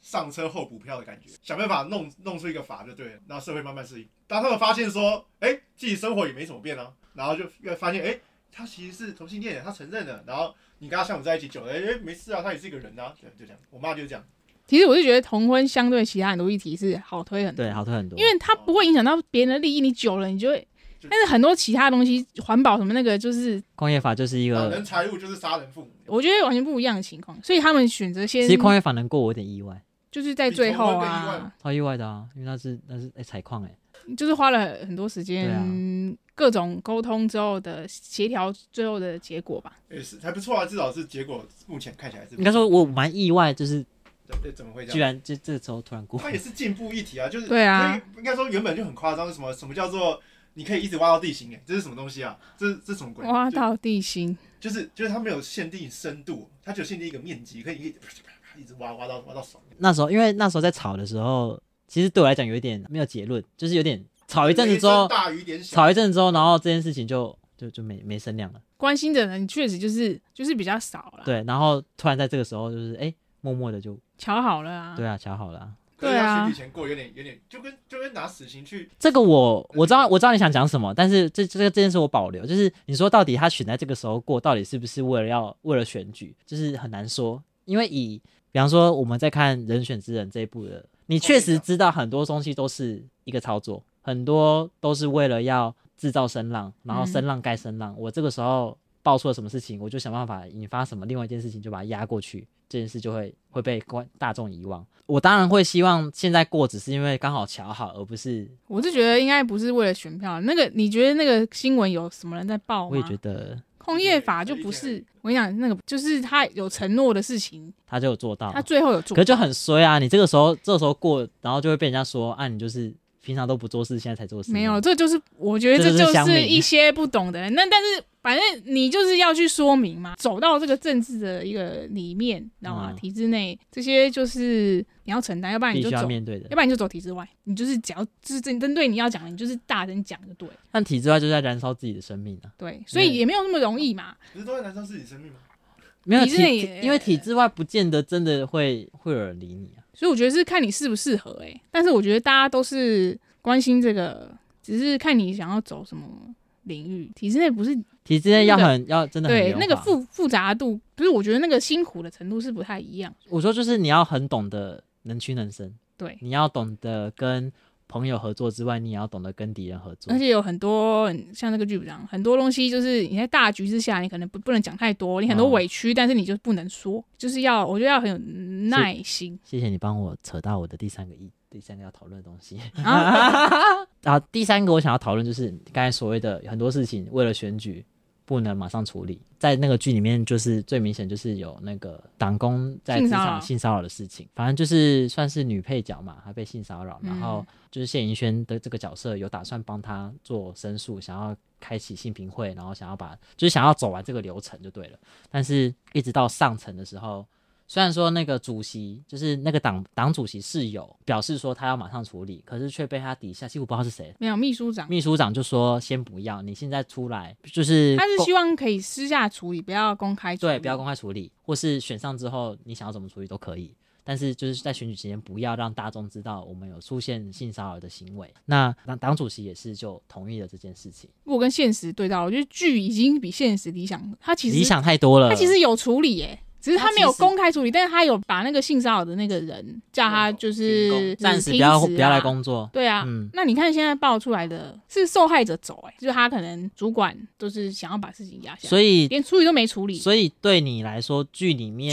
上車後補票的感覺，想辦法弄弄出一個法就對了，然後社會慢慢適應。當他們發現說，哎、欸，自己生活也沒什麼變啊，然後就發現，哎、欸，他其實是同性戀，他承認了。然後你跟他相處在一起久了，哎、欸、沒事啊，他也是一個人啊，對，就這樣。我媽就這樣。其實我是覺得同婚相對其他很多議題是好推很多，對，好推很多，因為它不會影響到別人的利益。你久了，你就會。就但是很多其他東西，環保什麼那個就是，礦業法就是一個，啊、人財物就是殺人父母，我覺得完全不一樣的情況。所以他們選擇先，其實礦業法能過我有點意外。就是在最後啊，超意外的啊，因為那是那是哎，採礦哎，就是花了很多時間，啊，各種溝通之後的協調，最後的結果吧。也、欸、是還不錯啊，至少是結果，目前看起來是不錯。應該說，我蠻意外，就是，對，對怎麼會這樣？居然這這時候突然過。過，它也是進步一體啊，就是對啊。應該說，原本就很誇張，什麼什麼叫做你可以一直挖到地心哎、欸，這是什麼東西啊？這是這是什麼鬼？挖到地心，就是就是它、就是、沒有限定深度，它只有限定一個面積，可以一。一直挖挖到挖到手，那時候，因為那時候在吵的時候，其實對我來講有一點沒有結論，就是有點吵一陣子之後，大雨點小吵一陣子之後，然後這件事情就就就沒沒聲量了。關心的人確實就是就是比較少了。對，然後突然在這個時候就是哎、欸，默默的就喬好了啊。對啊，喬好了、啊。對啊。選前過有點有點就跟就跟拿死刑去。這個我我知道我知道你想講什麼，但是這這這個這件事我保留，就是你說到底他選在這個時候過，到底是不是為了要為了選舉，就是很難說，因為以。比方說，我們在看《人選之人》這一部的，你確實知道很多東西都是一個操作，很多都是為了要制造聲浪，然後聲浪蓋聲浪，嗯。我這個時候爆出了什麼事情，我就想辦法引發什麼另外一件事情，就把它壓過去，這件事就會會被大眾遺忘。我當然會希望現在過，只是因為剛好巧好，而不是。我是覺得應該不是為了選票。那個，你覺得那個新聞有什麼人在報嗎？我也覺得。工業法就不是，我跟你講，那個就是他有承諾的事情，他就有做到，他最後有做到，可是就很衰啊！你這個時候這個時候過，然後就會被人家說啊，你就是。平常都不做事，現在才做事。沒有，這就是我覺得這就是一些不懂的人。那但是反正你就是要去說明嘛，走到這個政治的一個裡面，知道嗎？體制內這些就是你要承擔，要不然你就走。要面對的，要不然你就走體制外。你就是講，就是針針對你要講的，你就是大聲講就對。但體制外就在燃燒自己的生命啊。對，所以也沒有那麼容易嘛。不是都在燃燒自己生命嗎？沒有，體制內因為體制外不見得真的會會有人理你啊。所以我覺得是看你適不適合哎、欸，但是我覺得大家都是關心這個，只是看你想要走什麼領域。體制內不是，那個、體制內要很，那個、要真的很對那個複複雜度不，就是，我覺得那個辛苦的程度是不太一樣。我說就是你要很懂得能屈能伸，對，你要懂得跟。朋友合作之外，你也要懂得跟敵人合作。而且有很多像這個劇本這樣，很多東西就是你在大局之下，你可能不不能講太多，你很多委屈、嗯，但是你就不能說，就是要我覺得要很有耐心。謝謝你幫我扯到我的第三個一，第三個要討論的東西。啊、然後、 啊、第三個我想要討論就是剛才所謂的很多事情，為了選舉。不能馬上處理，在那個劇裡面就是最明顯就是有那個黨工在職場性騷擾的事情，反正就是算是女配角嘛，她被性騷擾，嗯、然後就是謝盈萱的這個角色有打算幫她做申訴，想要開啟性平會，然後想要把就是想要走完這個流程就對了，但是一直到上層的時候。雖然說那個主席就是那個黨黨主席是有表示說他要馬上處理，可是卻被他底下幾乎不知道是誰，沒有秘書長，秘書長就說先不要，你現在出來就是他是希望可以私下處理，不要公開處理，對，不要公開處理，或是選上之後你想要怎麼處理都可以，但是就是在選舉期間不要讓大眾知道我們有出現性騷擾的行為。那那黨主席也是就同意了這件事情。不過跟現實對照，我覺得劇已經比現實理想，他其實理想太多了，他其實有處理耶、欸。只是他沒有公開處理，啊、但是他有把那個性騷擾的那個人叫他，就是哦，就是暫時不要不要來工作。對啊，嗯、那你看現在爆出來的，是受害者走哎，欸，就是他可能主管都是想要把事情壓下，所以連處理都沒處理。所以對你來說劇裡面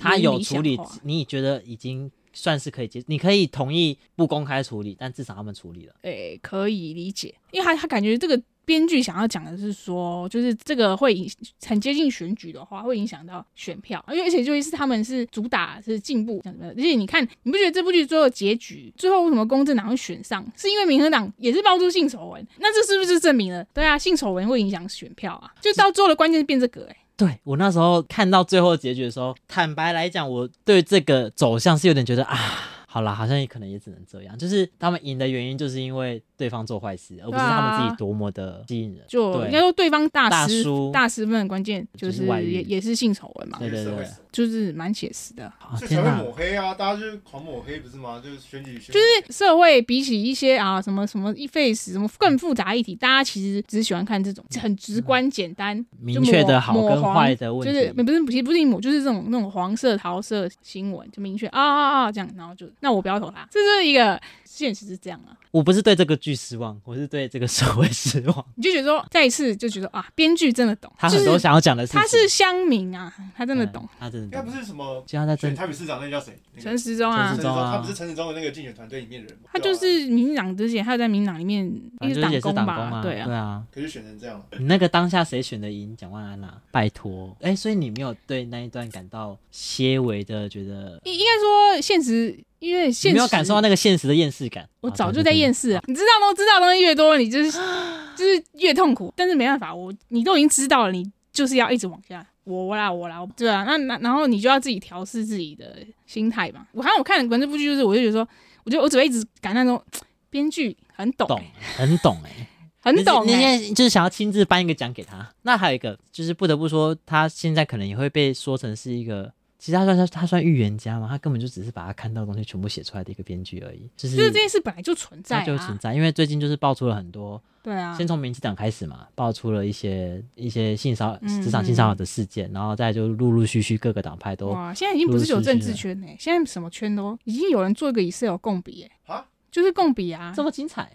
他有處理，你覺得已經算是可以接，你可以同意不公開處理，但至少他們處理了。哎，欸，可以理解，因為他他感覺這個。編劇想要講的是說，就是這個會影很接近選舉的話會影響到選票，而且而且就是他們是主打是進步，這樣子。而且你看，你不覺得這部劇最後的結局，最後為什麼公正黨會選上？是因為民和黨也是爆出性醜聞，那這是不是證明了？對啊，性醜聞會影響選票啊。就到最後的關鍵是變這個、欸，哎，對我那時候看到最後的結局的時候，坦白來講，我對這個走向是有點覺得啊。好了，好像也可能也只能這樣，就是他們贏的原因，就是因為對方做壞事，啊，而不是他們自己多麼的吸引人。就應該說，對方大師、大、大師們關鍵就是也、就是、也是性醜聞嘛，對對對，就是蠻寫實的。哦、就是、抹黑啊，大家就狂抹黑不是嗎？就是舉、舉，就是社會比起一些啊什麼什麼一 face 什麼更複雜一體，大家其實只喜歡看這種很直觀、簡單、嗯嗯、明確的好跟壞的，問題。就是不是不是不是抹，就是這種那種黃色、桃色新聞，就明確啊啊啊這樣，然後就。那我不要投他，這是一個現實，是這樣的啊。我不是對這個劇失望，我是對這個社會失望。你就覺得說，再一次就覺得啊，編劇真的懂、就是。他很多想要講的是，他是鄉民啊，他真的懂。他真的懂。懂、那個啊啊啊。他不是什麼，他在政，台北市長那叫誰？陳時中啊。陳時中啊。他不是陳時中的那個競選團隊裡面的人嗎？他就是民進黨之前，他在民進黨裡面，因為打工嘛。對啊。對啊。可是選成這樣。你那個當下誰選的贏蔣萬安啊、啊。拜托。哎、欸，所以你沒有對那一段感到些微的覺得。應應該說現實，因為現實你沒有感受到那個現實的厭世感。我早就在厭世。視啊，你知道東知道東西越多，你就是就是越痛苦。但是沒辦法，我你都已經知道了，你就是要一直往下。我我啦我啦我，對啊。那那然後你就要自己調試自己的心態嘛。我看我看完這部劇，就是我就覺得說，我覺得我只會一直感嘆說，編劇很懂、欸懂，很懂哎、欸， 很懂哎、欸。你你就是想要親自頒一個獎給他。那還有一個就是不得不說，他現在可能也會被說成是一個。其實他算他他算預言家嗎？他根本就只是把他看到的東西全部寫出來的一個編劇而已。就是就這件事本來就存在，啊，就存在。因為最近就是爆出了很多，對啊，先從民進黨開始嘛，爆出了一些一些性騷擾，嗯嗯、職場性騷擾的事件，然後再就陸陸續續各個黨派都哇，現在已經不是有政治圈哎、欸，現在什麼圈都已經有人做一個 Excel 共筆哎啊，就是共筆啊，這麼精彩，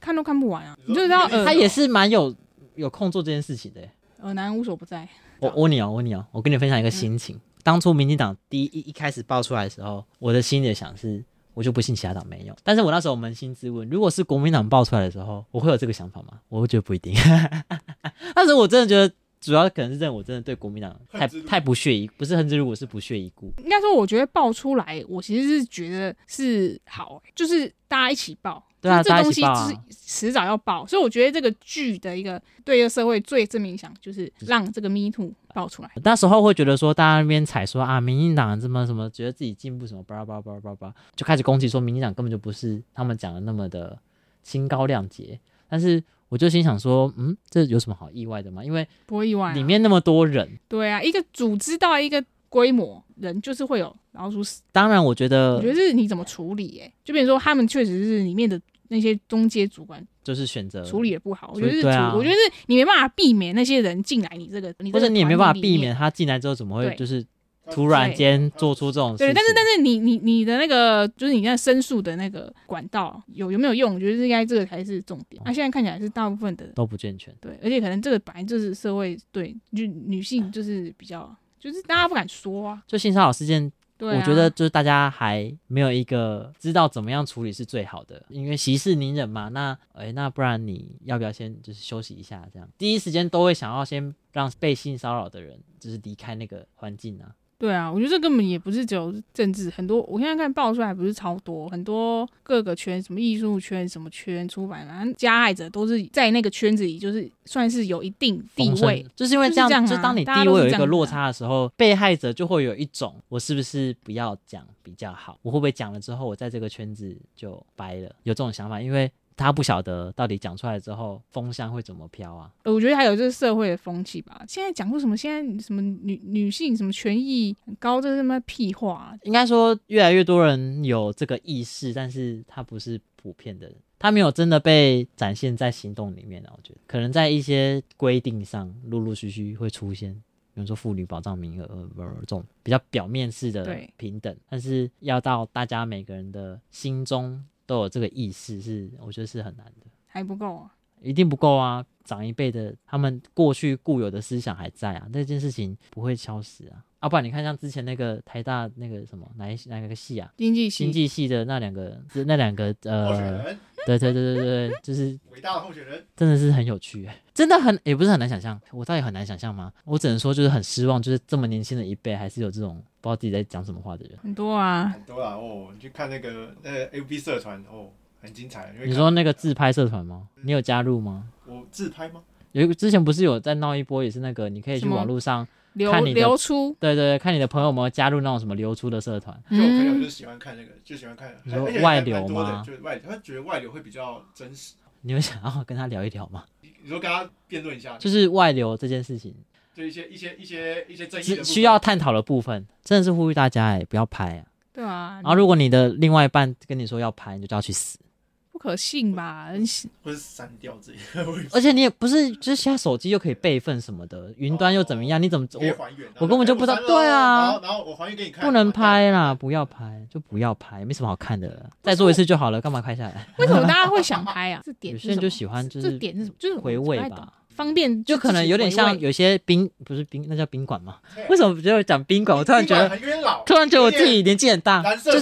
看都看不完啊！你就知道，呃呃、他也是蠻有有空做這件事情的，欸。男，呃、人無所不在。我我你啊我你我跟你分享一個心情。嗯當初民進黨第一一開始爆出來的時候，我的心裡的想是，我就不信其他黨沒有。但是我那時候捫心自問，如果是國民黨爆出來的時候，我會有這個想法嗎？我會覺得不一定。 那時候我真的覺得，主要可能是認為我真的對國民黨太太不屑一，不是恨之。如果是不屑一顧，應該說，我覺得爆出來，我其實是覺得是好，就是大家一起爆。對啊，這東西遲遲早要爆，啊，所以我覺得這個劇的一個對一個社會最正面影響就是讓這個 Me Too 爆出來。那時候會覺得說，大家那邊踩說啊，民進黨怎麼怎麼，覺得自己進步什麼，叭叭叭叭叭叭，就開始攻擊說民進黨根本就不是他們講的那麼的清高亮節。但是我就心想說，嗯，這有什麼好意外的嗎？因為不意外，裡面那麼多人、啊，對啊，一個組織到一個規模，人就是會有。然後說、就是，當然，我覺得，我覺得是你怎麼處理哎、欸，就比如說，他們確實是裡面的那些中階主管，就是選擇處理也不好。我覺得是，對、啊、我覺得是你沒辦法避免那些人進來你、這個，你這個，或者你也沒辦法避免他進來之後怎麼會就是突然間做出這種事對對。對，但是但是你你你的那個就是你在申訴的那個管道有有沒有用？我覺得是應該這個才是重點。那、哦啊、現在看起來是大部分的都不健全，對，而且可能這個本來就是社會對，就女性就是比較、啊、就是大家不敢說啊，就性騷擾事件。啊、我覺得就是大家還沒有一個知道怎麼樣處理是最好的，因為息事寧人嘛。那誒、欸，那不然你要不要先就是休息一下？這樣第一時間都會想要先讓被性騷擾的人就是離開那個環境啊。對啊，我覺得這根本也不是只有政治，很多我現在看爆出來不是超多，很多各個圈，什麼藝術圈、什麼圈，出版啊，然後加害者都是在那個圈子裡，就是算是有一定地位。就是因為這樣，就是這樣啊，就當你地位有一個落差的時候，被害者就會有一種我是不是不要講比較好，我會不會講了之後我在這個圈子就掰了，有這種想法，因為。他不曉得到底講出來之後，風向會怎麼飄啊？呃，我覺得還有就是社會的風氣吧。現在講出什麼，現在什麼女女性什麼權益很高，這是什麼屁話？應該說，越來越多人有這個意識，但是他不是普遍的人，他沒有真的被展現在行動裡面的。我覺得，可能在一些規定上，陸陸續續會出現，比如說婦女保障名額，這種比較表面式的平等，但是要到大家每個人的心中都有這個意識，是我覺得是很難的，還不夠啊，一定不夠啊！長一輩的他們過去固有的思想還在啊，那件事情不會消失啊。啊不然你看像之前那個台大那個什麼哪一哪一個系啊，經濟系，經濟系的那兩個那兩個呃，候選人，對對對對對，就是偉大的候選人，真的是很有趣，真的很也不是很難想象，我倒也很難想象嗎？我只能說就是很失望，就是這麼年輕的一輩還是有這種。不知道自己在講什麼話的人很多啊，很多啦，哦，你去看那個那個 AV 社團哦，很精彩。你說那個自拍社團嗎？你有加入嗎？我自拍嗎？有，之前不是有在鬧一波，也是那個你可以去網絡上看你的流出，對對對，看你的朋友們加入那種什麼流出的社團。就我朋友就喜歡看那個，就喜歡看。你說外流嗎？外，他覺得外流會比較真實。你有想要跟他聊一聊嗎？你說跟他辯論一下，就是外流這件事情。就一些一些一些一些這需要探討的部分，真的是呼籲大家哎、欸、不要拍啊！對啊，然後如果你的另外一半跟你說要拍，你就就要去死，不可信吧？會刪掉這一，而且你也不是，就是現在手機又可以備份什麼的，雲端又怎麼樣？哦、你怎麼走、啊、我根本就不知道。欸、對啊然，然後我還原給你看，不能拍啦，不要拍，就不要拍，沒什麼好看的了，再做一次就好了，幹嘛拍下來？ 為什麼大家會想拍啊？ 這點有些人就喜歡，點就是，點是回味吧。方便就可能有點像有些賓不是賓那叫賓館嗎、啊？為什麼就是講賓館？我突然覺得突然覺得我自己年紀很大，就,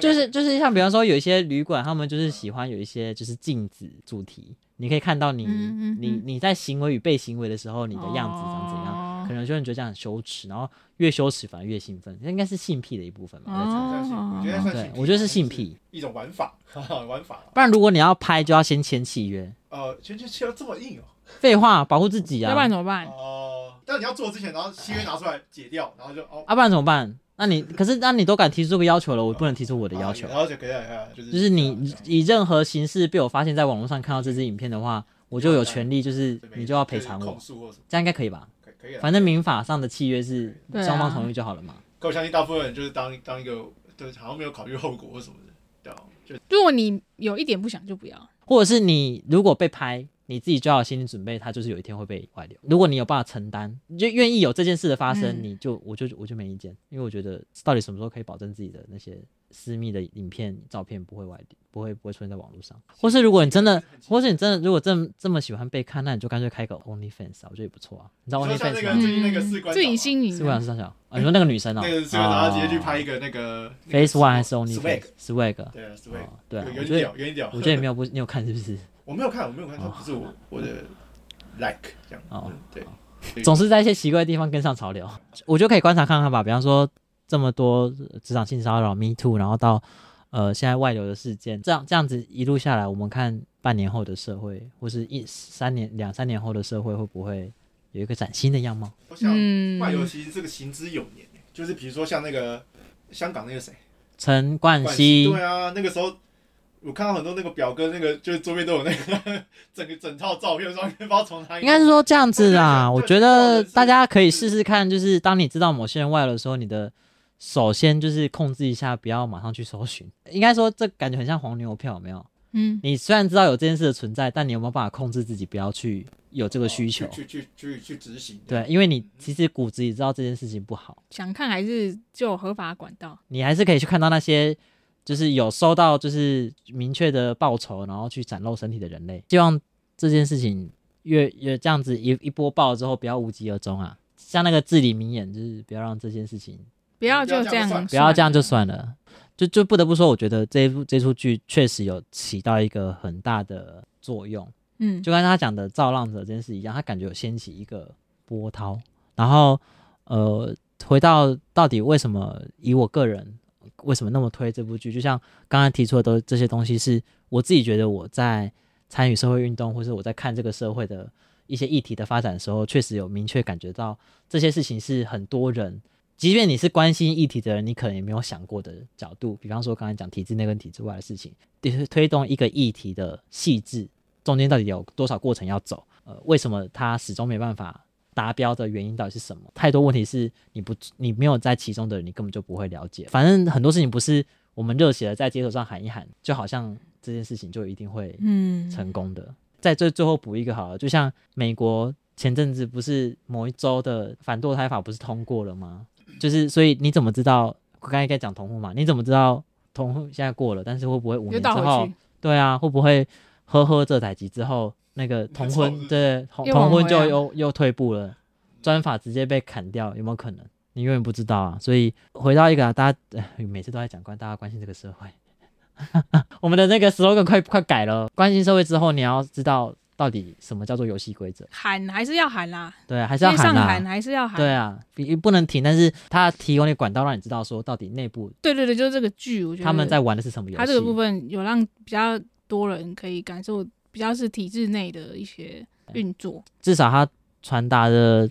就是就是像比方說有一些旅館，他們就是喜歡有一些就是鏡子主題，嗯、你可以看到你你你在行為與被行為的時候你的樣子長怎樣怎樣、嗯嗯，可能就會覺得這樣很羞恥，然後越羞恥反而越興奮，應該是性癖的一部分嘛？哦、對，我覺得是性癖、就是、一種玩法、嗯、玩法。不然如果你要拍，就要先簽契約。呃，簽簽契約這麼硬哦。廢話、啊，保護自己啊！要不然怎麼辦？哦、呃，但你要做之前，然後契約拿出來解掉，然後就哦，要、啊、不然怎麼辦？那你可是，那你都敢提出這個要求了，我不能提出我的要求 就的，就是你以任何形式被我發現在網絡上看到這支影片的話，我就有權利，就是你就要賠償我，這樣應該可以吧？可以可以，反正民法上的契約是雙方同意就好了嘛。啊、我相信大部分人就是當當一個，對，好像沒有考慮後果或什麼的，對、啊，就如果你有一點不想，就不要，或者是你如果被拍。你自己做好心理準備，他就是有一天會被外流。如果你有辦法承擔，你就願意有這件事的發生，嗯、你就我就我就沒意見。因為我覺得到底什麼時候可以保證自己的那些私密的影片、照片不會外流，不會不會出現在網絡上？或是如果你真的，是的或是你真的，如果這麼這麼喜歡被看，那你就乾脆開一個 Only Fans、啊、我覺得也不錯啊。你知道 Only Fans？最近那個試官，試官想張曉。你說那個女生，喔嗯那個、啊，那然後直接去拍一個那個、那個、Face、啊、One 還是 Only Fans？Swag 對，對啊，對啊。原原調，我覺得也沒有不， 你有看是不是？我沒有看，我沒有看，就是我我的 like 這樣子。哦、oh，對，總是在一些奇怪的地方跟上潮流， 我就可以觀察看看吧。比方說，這麼多職場性騷擾，Me Too，然後到呃現在外流的事件，這樣這樣子一路下來，我們看半年後的社會，或是一三年、兩三年後的社會，會不會有一個嶄新的樣貌？我想外流、嗯、其實這個行之有年、欸，就是比如說像那個香港那個誰，陳冠希，冠希，對啊，那個時候。我看到很多那個表哥，那個就是周邊都有那個整個整套照片的照片，不知道從哪裡。應該是說這樣子啦，我覺得大家可以試試看，就是當你知道某些人外了的時候，你的首先就是控制一下，不要馬上去搜尋。應該說這感覺很像黃牛票，有沒有？嗯。你雖然知道有這件事的存在，但你有沒有辦法控制自己不要去有這個需求？哦、去去去去執行。對，因為你其實骨子裡知道這件事情不好。想看還是就合法管道？你還是可以去看到那些。就是有收到就是明確的報酬，然後去展露身體的人類，希望這件事情越越這樣子一一波爆了之後，不要無疾而終啊！像那個至理名言，就是不要讓這件事情不要就這樣，不要這樣就算了，算了。就就不得不說，我覺得這一部這出劇確實有起到一個很大的作用。嗯，就跟他講的造浪者這件事一樣，他感覺有掀起一個波濤，然後呃，回到到底為什麼以我個人。為什麼那麼推這部劇？就像剛剛提出的都這些東西是，是我自己覺得我在參與社會運動，或是我在看這個社會的一些議題的發展的時候，確實有明確感覺到這些事情是很多人，即便你是關心議題的人，你可能也沒有想過的角度。比方說，剛才講體制內跟體制外的事情，推推動一個議題的細緻，中間到底有多少過程要走？呃，為什麼它始終沒辦法？達標的原因到底是什麼？太多問題是你不，你沒有在其中的人，你根本就不會了解了。反正很多事情不是我們熱血的在街頭上喊一喊，就好像這件事情就一定會嗯成功的。在、嗯、最最後補一個好了，就像美國前陣子不是某一週的反墮胎法不是通過了嗎？就是所以你怎麼知道？我剛才在講同婚嘛，你怎麼知道同婚現在過了，但是會不會五年之後？對啊，會不會呵呵這台機之後？那個同婚對，同婚就又又退步了，專法直接被砍掉，有沒有可能？你永遠不知道啊！所以回到一個大家每次都在講，關，大家關心這個社會， 我們的那個 slogan 快快改了。關心社會之後，你要知道到底什麼叫做遊戲規則。喊還是要喊啦、啊，對，還是要喊啦、啊，還是要喊。對啊，不能停，但是他提供你管道，讓你知道說到底內部。對對對，就是這個劇，我覺得他們在玩的是什麼遊戲？他這個部分有讓比較多人可以感受。比較是體制內的一些運作，至少他傳達的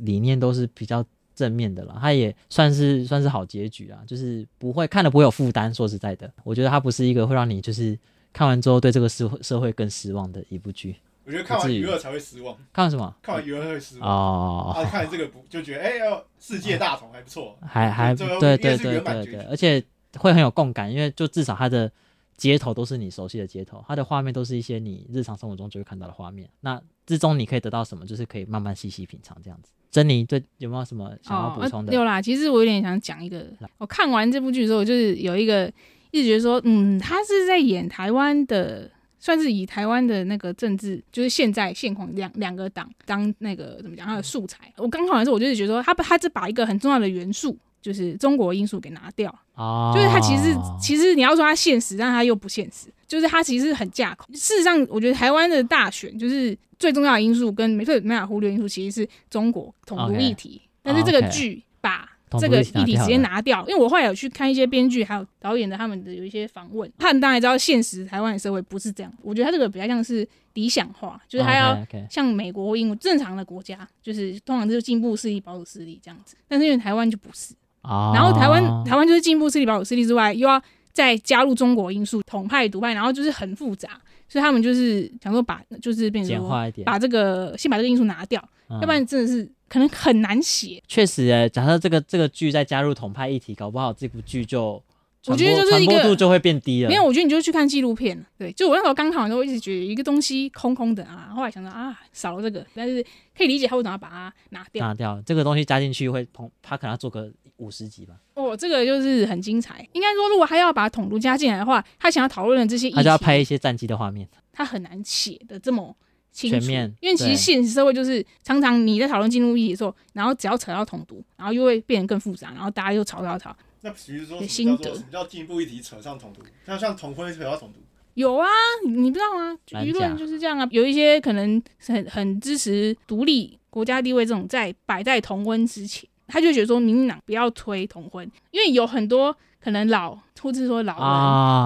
理念都是比較正面的了。他也算是算是好結局啊，就是不會看了不會有負擔。說實在的，我覺得它不是一個會讓你就是看完之後對這個社會社會更失望的一部劇。我覺得看完娛樂才會失望。看什麼？看完娛樂會失望哦。啊、看了這個不就覺得哎呦、欸呃、世界大同還不錯、哦，還還對對，對對對對，而且會很有共感，因為就至少他的。街頭都是你熟悉的街頭，它的畫面都是一些你日常生活中就會看到的畫面。那之中你可以得到什麼？就是可以慢慢細細品嘗這樣子。珍妮，對有沒有什麼想要補充的？哦、啊，有啦，其實我有點想講一個。我看完這部劇之後，我就是有一個一直覺得說，嗯，他是在演台灣的，算是以台灣的那個政治，就是現在現況兩兩個黨當那個怎麼講？他的素材。嗯、我剛看完之後，我就是覺得說，他他這把一個很重要的元素。就是中國因素給拿掉，Oh. 就是它其實其實你要說它現實，但它又不現實，就是它其實很架空。事實上，我覺得台灣的大選就是最重要的因素跟沒錯沒法忽略因素，其實是中國統獨議題。Okay. 但是這個劇把這個議題直接拿掉，因為我後來有去看一些編劇還有導演的他們的有一些訪問，他們當然知道現實台灣的社會不是這樣，我覺得它這個比較像是理想化，就是它要像美國、英國正常的國家，就是通常就進步勢力、保守勢力這樣子，但是因為台灣就不是。然後台灣、oh. 台灣就是進步勢力、保守勢力之外，又要再加入中國因素，統派獨派，然後就是很複雜，所以他們就是想說把就是變成、這個、簡化一點，把這個先把這個因素拿掉、嗯，要不然真的是可能很難寫。確實、欸，假設這個這個劇再加入統派議題，搞不好這部劇就我覺得就是一個傳播度就會變低了。沒有，我覺得你就去看紀錄片，對，就我那時候剛看完之後，一直覺得一個東西空空的啊，後來想說啊少了這個，但是可以理解他為什麼要把它拿掉。拿掉這個東西加進去會同他可能要做個。五十集吧。哦，這個就是很精彩。應該說，如果他要把統獨加進來的話，他想要討論的這些議題，他就要拍一些戰機的畫面。他很難寫的這麼全面，因為其實現實社會就是常常你在討論進入議題的時候，然後只要扯到統獨，然後又會變得更複雜，然後大家又吵，吵吵吵。那比如說，心得你要進一步議題扯上統獨，那像，像同婚扯到統獨，有啊，你不知道嗎、啊？輿論就是這樣啊，有一些可能很很支持獨立國家地位這種，在擺在同婚之前。他就覺得說，民進黨不要推同婚，因為有很多可能老，或者是說老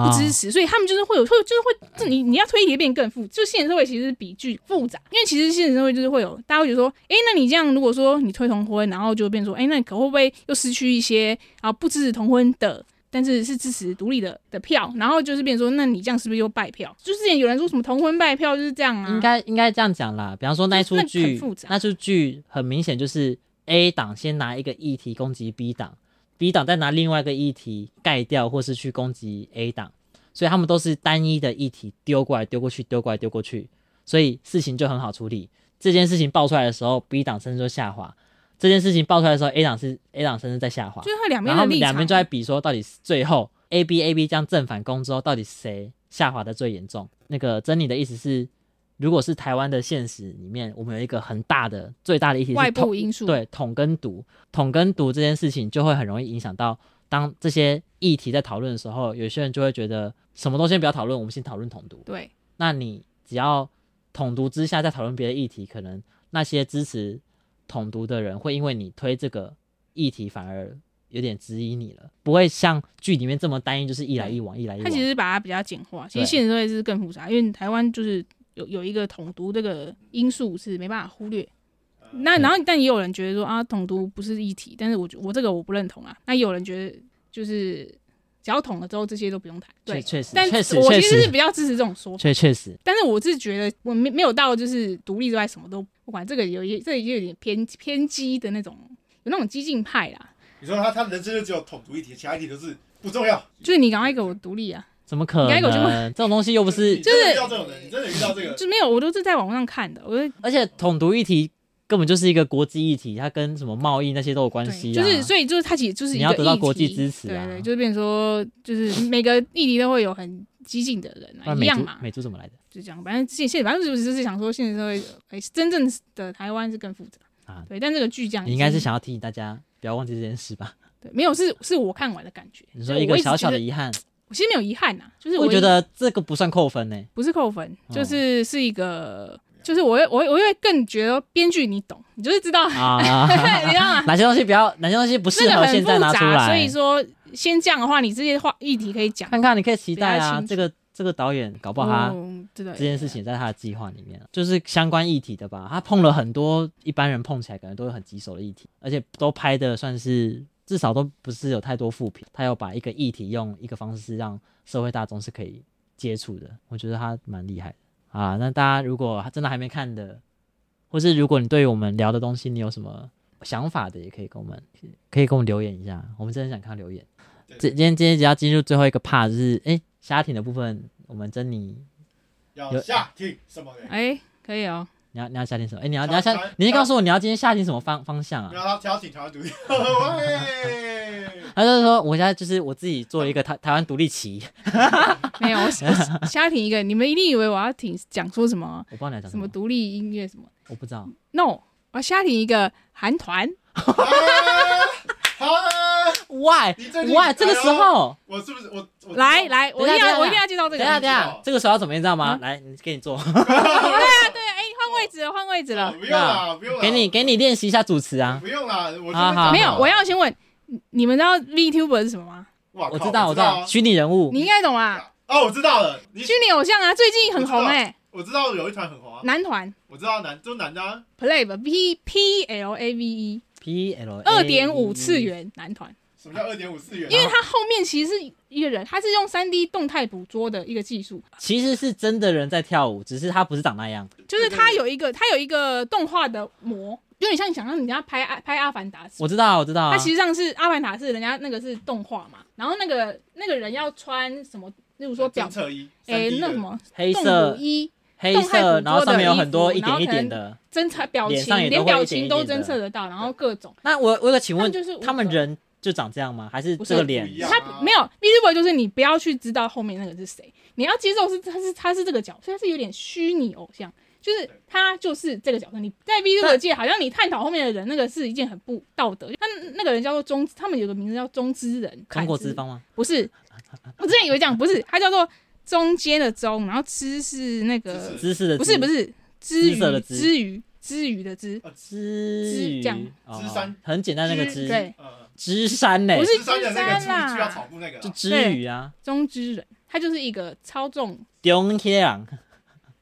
人不支持、啊，所以他們就是會有，會就是會，你你要推，也變更複雜，就現實社會其實比劇複雜，因為其實現實社會就是會有，大家會覺得說，誒、欸、那你這樣如果說你推同婚，然後就變成說，誒、欸、那你可會不會又失去一些啊不支持同婚的，但是是支持獨立的的票，然後就是變成說，那你這樣是不是又敗票？就之前有人說什麼同婚敗票就是這樣啊。應該應該這樣講啦，比方說那一出劇、就是，那出劇很明顯就是。A 黨先拿一個議題攻擊 B 黨，B 黨再拿另外一個議題蓋掉，或是去攻擊 A 黨，所以他們都是單一的議題丟過來、丟過去、丟過來、丟過去，所以事情就很好處理。這件事情爆出來的時候，B 黨甚至就下滑；這件事情爆出來的時候，A 黨是 A 黨，甚至在下滑。最、就是、兩邊然後兩邊就在比說，到底最後 A B A B 將正反攻之後，到底誰下滑的最嚴重？那個珍妮的意思是。如果是台灣的現實裡面，我們有一個很大的、最大的議題是外部因素，對統跟獨、統跟獨這件事情，就會很容易影響到當這些議題在討論的時候，有些人就會覺得什麼都先不要討論，我們先討論統獨。對，那你只要統獨之下再討論別的議題，可能那些支持統獨的人會因為你推這個議題，反而有點質疑你了。不會像劇裡面這麼單一，就是一來一往，一來一往。他其實把它比較簡化，其實現實會是更複雜，因為台灣就是。有有一個統獨這個因素是沒辦法忽略，嗯、那然後但也有人覺得說啊統獨不是議題，但是我我這個我不認同啊。那也有人覺得就是只要統了之後這些都不用談，對，確實，但我其實是比較支持這種說法，確實，確實。但是我是覺得我沒沒有到就是獨立之外什麼都不管，這個有一這裡、個、就有點偏偏激的那種，有那種激進派啦。你說他他人生就只有統獨議題，其他議題都是不重要，就是你趕快給我獨立啊。怎麼可能？這種東西又不是，就是遇這種人，你真的遇到這個就沒有。我都是在網上看的，我、就是、而且統獨議題根本就是一個國際議題，它跟什麼貿易那些都有關係、啊。就是所以就是它其實就是一，你要得到國際支持、啊，對，對對，就是變成說，就是每個議題都會有很激進的人、啊不，一樣嘛，美豬怎麼來的？就這樣，反正現現在反正就是就是想說現實社會哎，真正的台灣是更複雜、啊。對，但這個劇講，你應該是想要提醒大家不要忘記這件事吧？對，沒有是是我看完的感覺，你說一個小小的遺憾。 我其實沒有遺憾吶、啊，就是我，我覺得這個不算扣分呢、欸，不是扣分，就是是一個，嗯、就是我會我會我會更覺得編劇你懂，你就是知道，啊啊啊啊啊 你知道嗎？哪些東西比較，哪些東西不適合現在拿出來、這個、所以說先這樣的話，你這些話議題可以講，看看你可以期待啊。這個這個導演搞不好他這件事情在他的計劃裡面、嗯，就是相關議題的吧？他碰了很多一般人碰起來可能都有很棘手的議題，而且都拍的算是。至少都不是有太多負評，他要把一個議題用一個方式是讓社會大眾是可以接觸的，我覺得他蠻厲害啊。那大家如果真的還沒看的，或是如果你對我們聊的東西你有什麼想法的，也可以給我們，可以跟我們留言一下，我們真的很想看留言。今今天今天只要進入最後一個 part，就是哎蝦挺的部分，我們珍妮有要蝦挺什麼的？哎、欸，可以哦。你要你要下定什麼？哎、欸，你要你要下，你先告訴我你要今天下定什麼方方向啊？他，挑起呵呵啊他就是說，我現在就是我自己做了一個台、啊、台灣獨立旗。沒有，我下定一個，你們一定以為我要聽講出什麼？我不知道你講什麼。什麼獨立音樂什麼？我不知道。No，我要下定一個韓團。Why？Why？、啊啊、 Why? 這個時候？哎、我是不是我，我？來來，來，我一定要一我一定要介紹這個。等下等下，這個時候要怎麼樣，知道嗎？來，給你做。對呀對。位置換位置了，位置了。哦，不用了、啊，不用了，給你給你練習一下主持啊，不用我了，啊，沒有，我要先問你們知道 VTuber 是什麼嗎？我知道，我知道、啊，虛擬人物，你應該懂啊，啊，哦，我知道了，虛擬偶像啊，最近很紅哎、欸，我知道有一團很紅、啊，男團，我知道男，就男的、啊、，Plave，P P L A V E，P L，二點五次元男團。什麼叫二點五次元，啊？因為他後面其實是一個人，他是用三 D 動態捕捉的一個技術，其實是真的人在跳舞，只是他不是長那樣，就是他有一個對對對，他有一個動畫的模，有點像你想象人家拍阿拍阿凡達，我知道，我知道、啊我知道啊，他其實上是阿凡達，是人家那個是動畫嘛，然後那個那個人要穿什麼，例如說表，測哎、欸，那什麼黑色衣，動衣黑色然後上面有很多一點一點的偵查表情一點一點的，連表情都偵測得到，然後各種。那我我有個請問他們，就是個他們人。就長這樣嗎？還是這個臉？他、啊、沒有 VTuber 就是你不要去知道後面那個是誰，你要接受是他是他是這個角色，他是有點虛擬偶像，就是他就是這個角色。你在 VTuber 界好像你探討後面的人，那個是一件很不道德。他那個人叫做中，他們有個名字叫中之人。看過資方嗎？不是， 我之前以為這樣，不是，他叫做中間的中，然後之是那個知識的，不是不是知者的知，魚知魚,魚的知，知、啊、魚這樣、哦，很簡單，那個知對。知山呢、欸？不是知山啦，那個知語啊，中之人，他就是一個操縱。冬天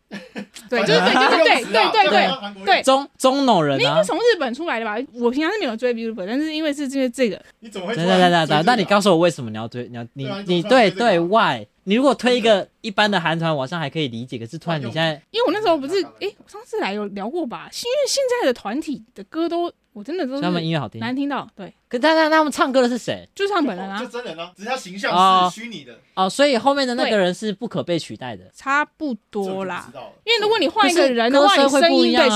對，就是對，就是對， 對對對 對，對，對，對，對，剛剛對，對中中農人啊，你應該是從日本出來的吧？我平常是沒有追日本，但是因為是因這個，你怎麼會追，啊？對，對，對那你告訴我為什麼你要追？你、啊、你要你，啊、你對對 Why？你如果推一個一般的韓團，我上還可以理解，可是突然你現在， 因為我那時候不是，哎，欸，我上次來有聊過吧？因為現在的團體的歌都。我真的真的，他們音樂好聽難聽到，聽。對。可但他，他，他，他們唱歌的是誰？就唱本人啊，就真人啊，只是他形象是虛擬的哦。哦，所以後面的那個人是不可被取代的。差不多啦，因為如果你換一個人的話，聲、啊、音對，歌聲會不一樣。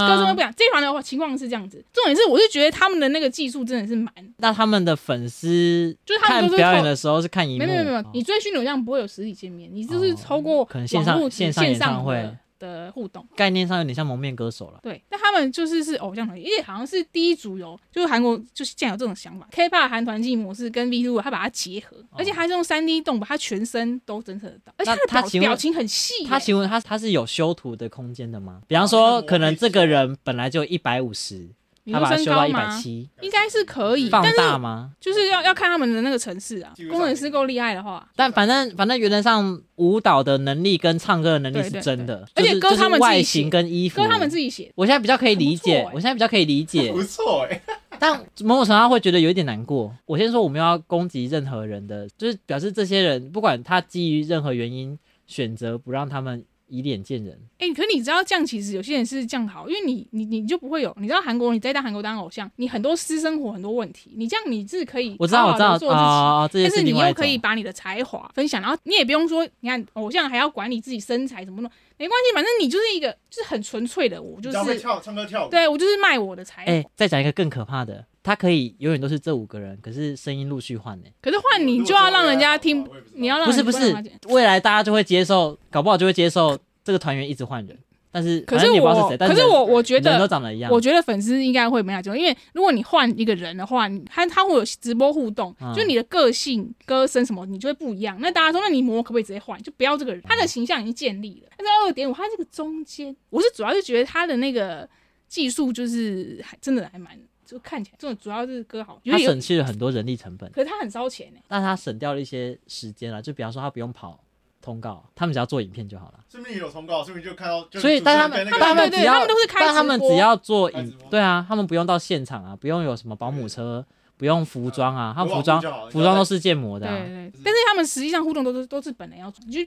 這方的話情況是這樣子，重點是我是覺得他們的那個技術真的是蠻。那他們的粉絲就是看表演的時候是看熒幕就是、沒有沒有，你追虛擬偶像不會有實體見面，你就是，是超過、哦、可能線上線上演唱會。會的互動概念上有點像蒙面歌手了。對，但他們就是是偶像團體，因為好像是第一組有，就是韓國就是竟然有這種想法，K-pop 韓團經營模式跟 Vlog 他把它結合，哦、而且他是用三 D 動，把他全身都偵測得到，而且他的表他表情很細。他請問他他是有修圖的空間的嗎？比方說，可能這個人本來就一百五十。他把身高到一百七，應該是可以放大嗎？是就是要要看他們的那個程式啊。工程師夠厲害的話，但反正反正原則上舞蹈的能力跟唱歌的能力是真的。而且歌他們自己寫，歌他們自己寫。我現在比較可以理解，欸、我現在比較可以理解。不錯、欸、但某種程度上會覺得有一點難過。我先說，我們要攻擊任何人的，就是表示這些人不管他基於任何原因選擇不讓他們。以臉見人，哎、欸，可是你知道這樣其實有些人是這樣好，因為你你你就不會有，你知道韓國，你在當韓國當偶像，你很多私生活很多問題，你這樣你是可以好好，我知道我知道、哦、是但是你又可以把你的才華分享，然後你也不用說，你看偶像還要管你自己身材怎麼弄，沒關係，反正你就是一個就是很純粹的，我就是唱歌跳舞，對我就是賣我的才華，哎、欸，再講一個更可怕的。他可以永遠都是這五個人，可是聲音陸續換呢、欸，可是換你就要讓人家聽，你要讓人家不，讓，不是不是未來大家就會接受，搞不好就會接受這個團員一直換人，但是可能不知道是誰。但是，可是我我長得一樣，我覺得粉絲應該會沒那種，因為如果你換一個人的話，他他會有直播互動，嗯、就你的個性、歌聲什麼，你就會不一樣。那大家說，那你模可不可以直接換？就不要這個人，他、嗯、的形象已經建立了。但是二點五，他這個中間，我是主要是覺得他的那個技術就是還真的還蠻。就看起來這種主要是割好因為他省去了很多人力成本。可是他很燒錢哎。但他省掉了一些時間啊。就比方說他不用跑通告，他們只要做影片就好了。是不是有通告？是不是就看到就、那個？所以，但他們，他們，他、們，對對他們只要，他們都是開直播，但他們只要做影，對啊，他們不用到現場啊，不用有什麼保姆車，不用服裝啊，他服裝服裝都是建模的、啊對對對。但是他們實際上互動都是都是本人要做。你就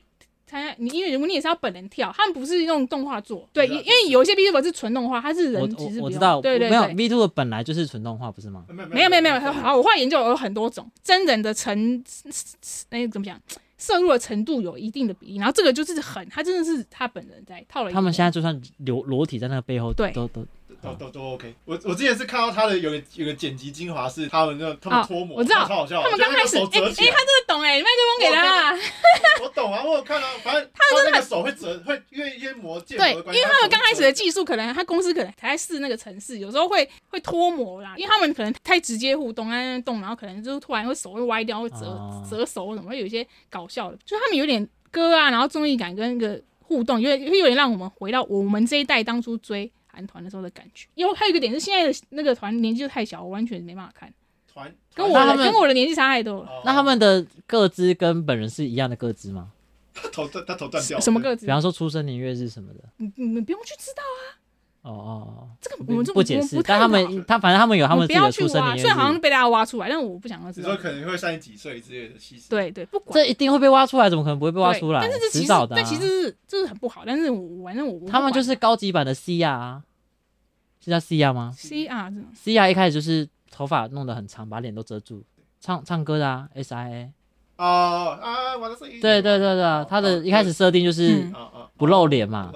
參你，因為如果你也是要本人跳，他們不是用動畫做，對，因為有一些 V two 是純動畫，他是人，其實不我，我知道，對對，對，沒有 V two 本來就是純動畫，不是嗎？沒有沒有沒有他，好，好我畫研究有很多種，真人的程，那、欸、怎麼講，攝入的程度有一定的比例，然後這個就是很，他真的是他本人在套了一個，他們現在就算裸裸體在那個背後，對，都都。都都都 OK。我我之前是看到他的有有個剪輯精華，是他們那個他們脫模、oh，我知道，超好笑的他們剛開始，哎、欸欸，他這個懂哎，麥克風給他、啊我那個 我。我懂啊，我有看到、啊，反正他、們他那個手會折，會因為一些對，因為他們剛開始的技術可能，他公司可能才在試那個程式，有時候會會脫模啦，因為他們可能太直接互動啊，動，然後可能就突然會手會歪掉，會折折手什麼，會有一些搞笑的。就是他們有點歌啊，然後綜藝感跟那個互動，有點有點讓我們回到我們這一代當初追。團的時候的感覺，因為還有一個點是現在的那個團年紀太小，我完全沒辦法看。團跟我的跟我的年紀差太多了。哦。那他們的個資跟本人是一樣的個資嗎？他頭他他頭斷掉了，什麼個資？比方說出生年月日什麼的，你你不用去知道啊。哦哦，這個我們就不,不解釋，但他們他反正他們有他們自己的出生年，雖然好像被大家挖出來，但是我不想要知道。你說可能會三十幾歲之類的，其實對對，不管這一定會被挖出來，怎麼可能不會被挖出來？但是這遲早的、啊，但其實是這實是,、就是很不好，但是我反正我,我、啊、他們就是高級版的 C R，、啊、是叫 C R 嗎？C R C R 一開始就是頭髮弄得很長，把臉都遮住，唱唱歌的啊 S I A。哦啊，我的對對對對、哦，他的一開始設定就是不露臉嘛，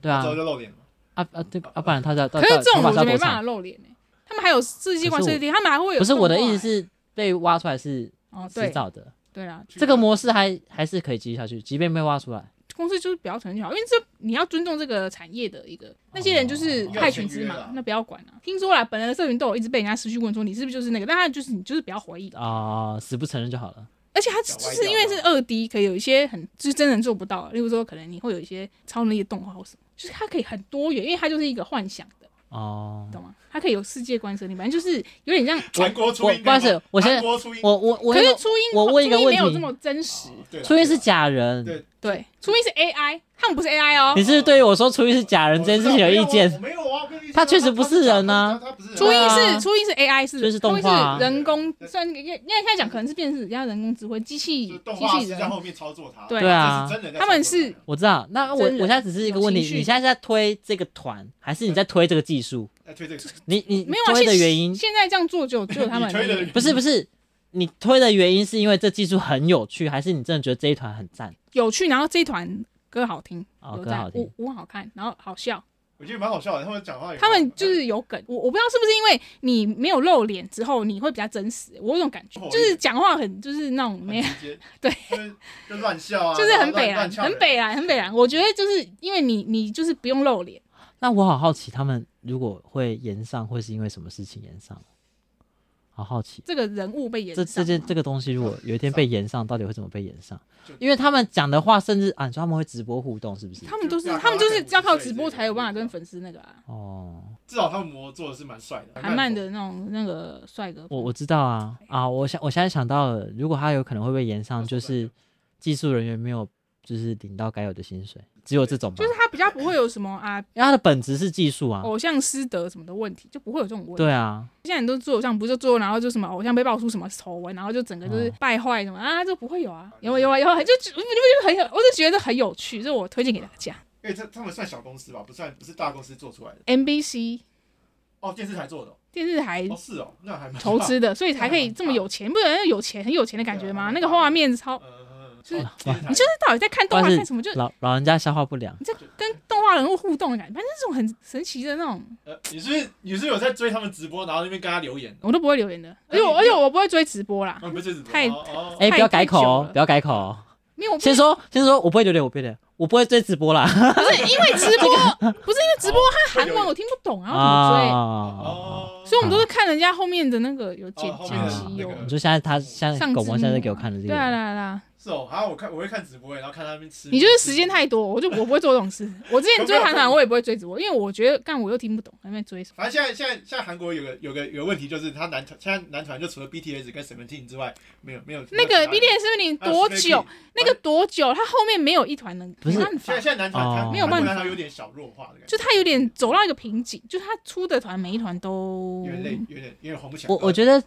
對、嗯、啊，露臉啊啊對，要不然他在。可是這種我就沒，沒辦法露臉呢、欸。他們還有世界觀設計，他們還會有、欸。不是我的意思是被挖出來是哦，製造的。對啊，這個模式還還是可以繼續下去，即便被挖出來，公司就是比較承認就好，因為這你要尊重這個產業的一個。那些人就是害群之馬、哦，那不要管了、啊。聽說了，本來的社群都有一直被人家持續問說你是不是就是那個，但他就是你就是比較要回的。啊、哦，死不承認就好了。而且他就是因為是二 D，可以有一些很就是真人做不到，例如說可能你會有一些超能力的動畫或什麼，就是他可以很多元，因為他就是一個幻想的哦，oh. 懂嗎？他可以有世界觀設定，反正就是有點像我國初音，不是？我先，韓我我我,我，可是初音，我問一個問題，初音沒有這麼真實，oh, 初音是假人。對對，初一是 AI，他們不是 AI 哦。你是，是對於我說初一是假人這件事情有意見？啊啊、他確實不是人啊，人啊啊初一是初一是 AI，是初一是、啊、是人工對對對對雖然、那個、因為現在講可能是辨識，人家人工指揮機器，機器在後面操作對啊，他們是我知道。那我我現在只是一個問題，你現在是在推這個團，還是你在推這個技術？ 你你沒有推的原因？現在這樣做就就有他們。不是不是，你推的原因是因為這技術很有趣，還是你真的覺得這一團很讚？有趣，然後這一團歌好聽，哦、有在歌好舞舞好看，然後好笑。我覺得蠻好笑的，他們講話也好看，他們就是有梗。我我不知道是不是因為你沒有露臉之後，你會比較真實。我有這種感覺，呵呵就是講話很就是那種沒對，就亂、是、笑啊， 就是很北爛，很北爛，很北爛。我覺得就是因為你你就是不用露臉。那我好好奇，他們如果會炎上，會是因為什麼事情炎上？好好奇，這個人物被炎這這件這個東西，如果有一天被炎上， 到底會怎麼被炎上？因為他們講的話，甚至啊，說他們會直播互動，是不是？他們都、就是，他們就是要靠直播才有辦法跟粉絲那個啊。哦、嗯，至少他們模做的是蠻帥的，韓漫的那種那個帥哥。我我知道啊 啊，我現我現在想到了，如果他有可能會被炎上， 就是技術人員沒有。就是領到該有的薪水，只有這種吧 就是他比較不會有什麼啊， 他的本質是技術啊，偶像師德什麼的問題就不會有這種問題。對啊，現在你都做偶像不是就做，然後就什麼偶像被爆出什麼醜聞，然後就整個就是敗壞什麼、嗯、啊，就不會有啊，因為因為然後就我就覺得很有，我就覺得很有趣，這我推薦給大家。因為他他們算小公司吧，不算不是大公司做出來的。N B C，哦電視台做的、哦，電視台哦是哦，那還投資的，所以才可以這麼有錢，很不然有，有錢很有錢的感覺嗎？啊、那個畫面超。就是、你就是到底在看動畫看什麼？就老老人家消化不良。你在跟動畫人物互動的感覺，反正這種很神奇的那種。呃，你是你是有在追他們直播，然後那邊跟他留言？我都不會留言的。哎呦，哎呦，我不會追直播啦。不太，哎，不要改口哦，不要改口。因為我先說，先說我不會留言，我不會留言，我不會， 我不會，我我不會追直播啦。不，不，不，不，不， 不是因為直播，不是因為直播，他韓文我聽不懂啊，我怎麼追？哦、啊。所以我們都是看人家後面的那個有剪輯有你說現在他像狗汪現在，狗現在給我看的這個。對啊，對啊。是哦，好像我看我會看直播，然後看他們吃。你就是時間太多，我就我不會做這種事。 我之前追韓團，我也不會追直播，因為我覺得，但我又聽不懂，還在追什麼。反正現在現在現在韓國有個有個有個問題，就是他男團現在男團就除了 BTS 跟 Seventeen 之外，沒有沒有。那個 BTS 是不是你多久？啊、Spaking, 那個多久、啊？他後面沒有一團能。不是，現在現在男團他沒有辦法，哦、他有點小弱化的感覺。就他有點走到一個瓶頸，就他出的團每一團都。因為累，有點，有點紅不起來。我我覺得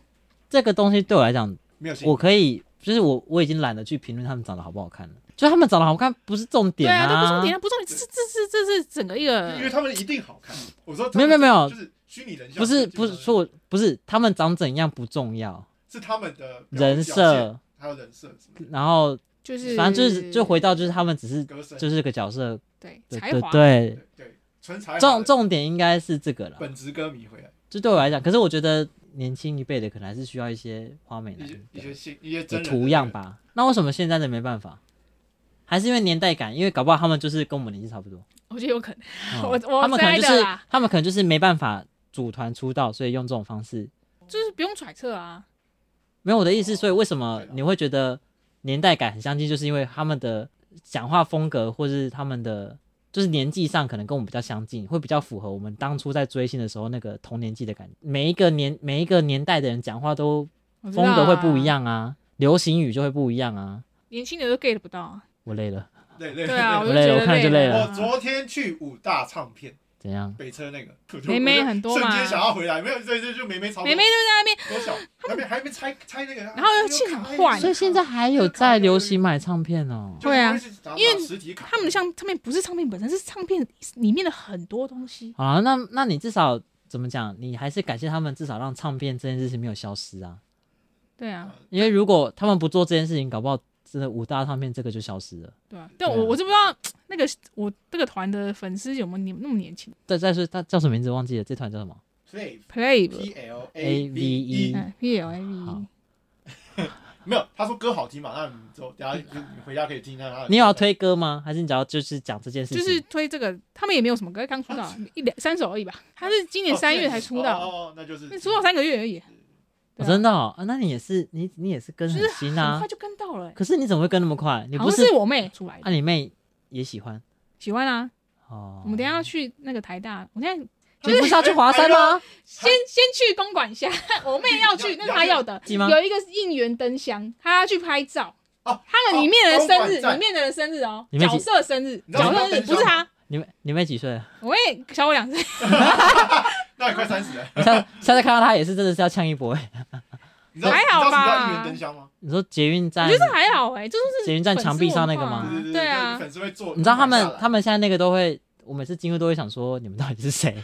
這個東西對我來講、嗯、我可以。就是我我已經懶得去評論他們長得好不好看了，就他們長得好看不是重點，啊，對啊，都不重點，啊、不重點，這這這這是整個一個，因為他們一定好看， 我說沒有沒有沒有，就是虛擬人像，不是不是說我不是他們長怎樣不重要，是他們的人設還有人設然後就是反正就是就回到就是他們只是就是個角色，對對對重重點應該是這個了，本職歌迷回來這對我來講，可是我覺得。年輕一輩的可能還是需要一些花美男、一些一些圖樣吧。那為什麼現在的沒辦法？還是因為年代感？因為搞不好他們就是跟我們年紀差不多。我覺得有可能，他們可能就是、他們可能就是、他們可能就是沒辦法組團出道，所以用這種方式。就是不用揣測啊，沒有我的意思。所以為什麼你會覺得年代感很相近？就是因為他們的講話風格，或是他們的。就是年紀上可能跟我們比較相近，會比較符合我們當初在追星的時候那個同年紀的感覺。每一個年，每一個年代的人講話都風格會不一樣啊，啊，流行語就會不一樣啊。年輕人都 get 不到。啊，我累了，對，累，累，累，我累了，我看了就累了。我昨天去五大唱片。怎樣？北車那個妹妹很多嘛，瞬間想要回來。對對，就妹妹就在那邊、那個，然後又氣很壞。所以現在還有在流行買唱片呢？喔那個就是。對啊，因為他們的像唱片不是唱片本身，是唱片裡面的很多東西。好啊，那那你至少怎麼講？你還是感謝他們，至少讓唱片這件事情沒有消失啊。對啊，因為如果他們不做這件事情，搞不好。真的五大唱片這個就消失了。對啊，對啊，但我我就不知道那個我這個團的粉絲有沒有那麼年輕。對，但是他叫什麼名字忘記了，這團叫什麼 Play, Play, P-L-A-V-E, A-V-E、啊 P、L-A-V-E L-A-V-E，L-A-V-E。 沒有，他說歌好聽嘛，那你走，等下你回家可以聽他，你有要推歌嗎？ 還是你只要就是講這件事情？就是推這個，他們也沒有什麼歌，剛出道 一兩三首而已吧。他是今年三月才出道 哦、哦，那就是出道三個月而已。喔、真的、喔啊？那你也是，你你也是跟很新啊，就是、很快就跟到了、欸。可是你怎麼會跟那麼快？你不是，是我妹出來？那、啊、你妹也喜歡？喜歡啊。哦、嗯，我們等一下要去那個台大，我們等一下不是要去華山嗎？欸、先先去公館一下， 我妹要去，要那是她要的。有一個應援燈箱，她要去拍照。哦、啊，她裡面人的人生日，啊、裡面人的人生日哦、喔，角色生日，角色生日不是她。你妹，你妹幾歲？我妹小我兩歲。 下次下次看到他也是真的是要嗆一波哎，還好吧？ 你說捷運站，我覺得是還好哎、就是，捷運站牆壁上那個嗎？對，對，對，對啊你，你知道他們他們現在那個都會，我每次經過都會想說你們到底是誰？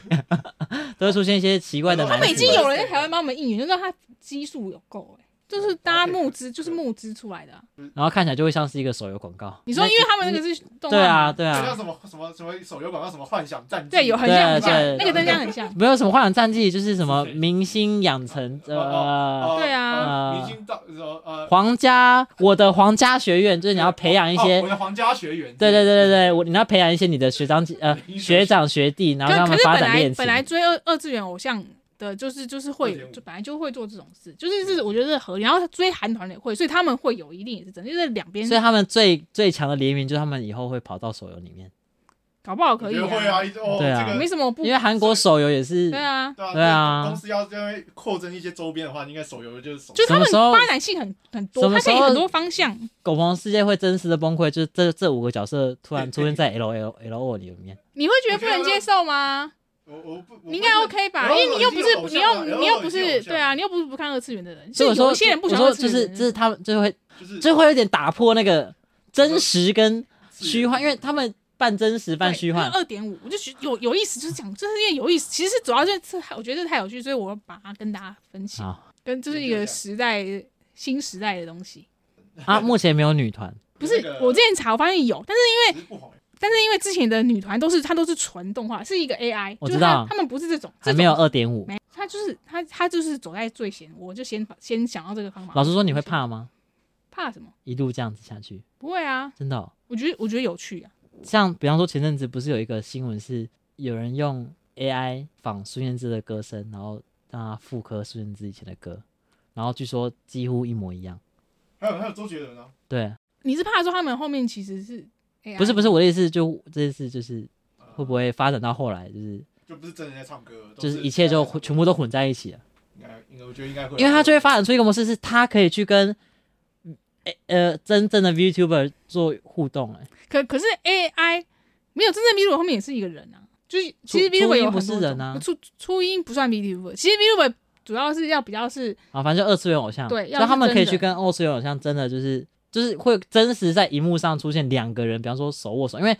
都會出現一些奇怪的。他們已經有人在台灣幫我們應援，就是他基數有夠哎。就是搭募資，okay, 就是募資出來的、啊，嗯，然後看起來就會像是一個手遊廣告。你說，因為他們那個是動漫、嗯、對啊，對啊，什麼什麼什麼手遊廣告，什麼幻想戰績，對，有很像、啊、很像，對對對，那個真像很像。對對對 沒有什麼幻想戰績，就是什麼明星養成，呃，啊啊啊對啊，啊，明星到呃、啊，皇家 我的皇家學院，就是你要培養一些、啊、我的皇家學院，對對對對對，我你要培養一些你的學長呃學、學長學弟，然後讓他們發展戀情。可是本來本來追二二次元偶像，對，就是就是會，就本來就會做這種事，就是是我覺得是合理。然後追韓團也會，所以他們會有一定也是真的，就是兩邊。所以他們最最強的聯名，就是他們以後會跑到手遊裡面，搞不好可以。啊、哦，對啊，這個、沒什麼不。因為韓國手遊也是對啊，對啊。公司要因為擴增一些周邊的話，應該手遊就是手。就他們發展性很很多，他可以很多方向。狗朋世界會真實的崩潰，就這這五個角色突然出現在 LOL 裡面， 你會覺得不能接受嗎？你應該 OK 吧？因為你又不是，有有啊、你又有有、啊、你又不是有有、啊，對啊，你又不是不看二次元的人。所以我說，有些人不喜歡二次元。就是就是他們就會就是就會有點打破那個真實跟虛幻、就是呃，因為他們半真實半虛幻。二點五，那個，我就覺有有意思，就是講，就是因為有意思， 其實主要、就是這，我覺得這太有趣，所以我把它跟大家分享，跟就是一個時代對對對、啊、新時代的東西。啊，目前沒有女團。 不是、那個，我之前查，我發現有，但是因為。但是因為之前的女團都是她都是純動畫，是一個 AI，我知道、啊就她，她們不是這種，還沒有二點五，她就是她，她就是走在最前，我就先先想到這個方法。老實說，你會怕嗎？怕什麼？一路這樣子下去，不會啊，真的、喔。我覺得我覺得有趣啊。像比方說前陣子不是有一個新聞是有人用 AI 仿孫燕姿的歌聲，然後讓他復刻孫燕姿以前的歌，然後據說幾乎一模一樣。還有還有周杰倫啊。對，你是怕說他們後面其實是？AI、不是不是我的意思，就這件事就是會不會發展到後來就是就不是真人在唱歌，就是一切就全部都混在一起了。應該應該我覺得應該會，因為他就會發展出一個模式，是他可以去跟呃真正的 VTuber 做互動哎、欸。可可是 AI 沒有真正 VTuber 後面也是一個人啊，就是其實 VTuber 也不是人啊,啊，初初音不算 VTuber 其實 VTuber 主要是要比較是啊，反正就二次元偶像，對他們可以去跟二次元偶像真的就是。就是會真實在熒幕上出現兩個人，比方說手握手，因為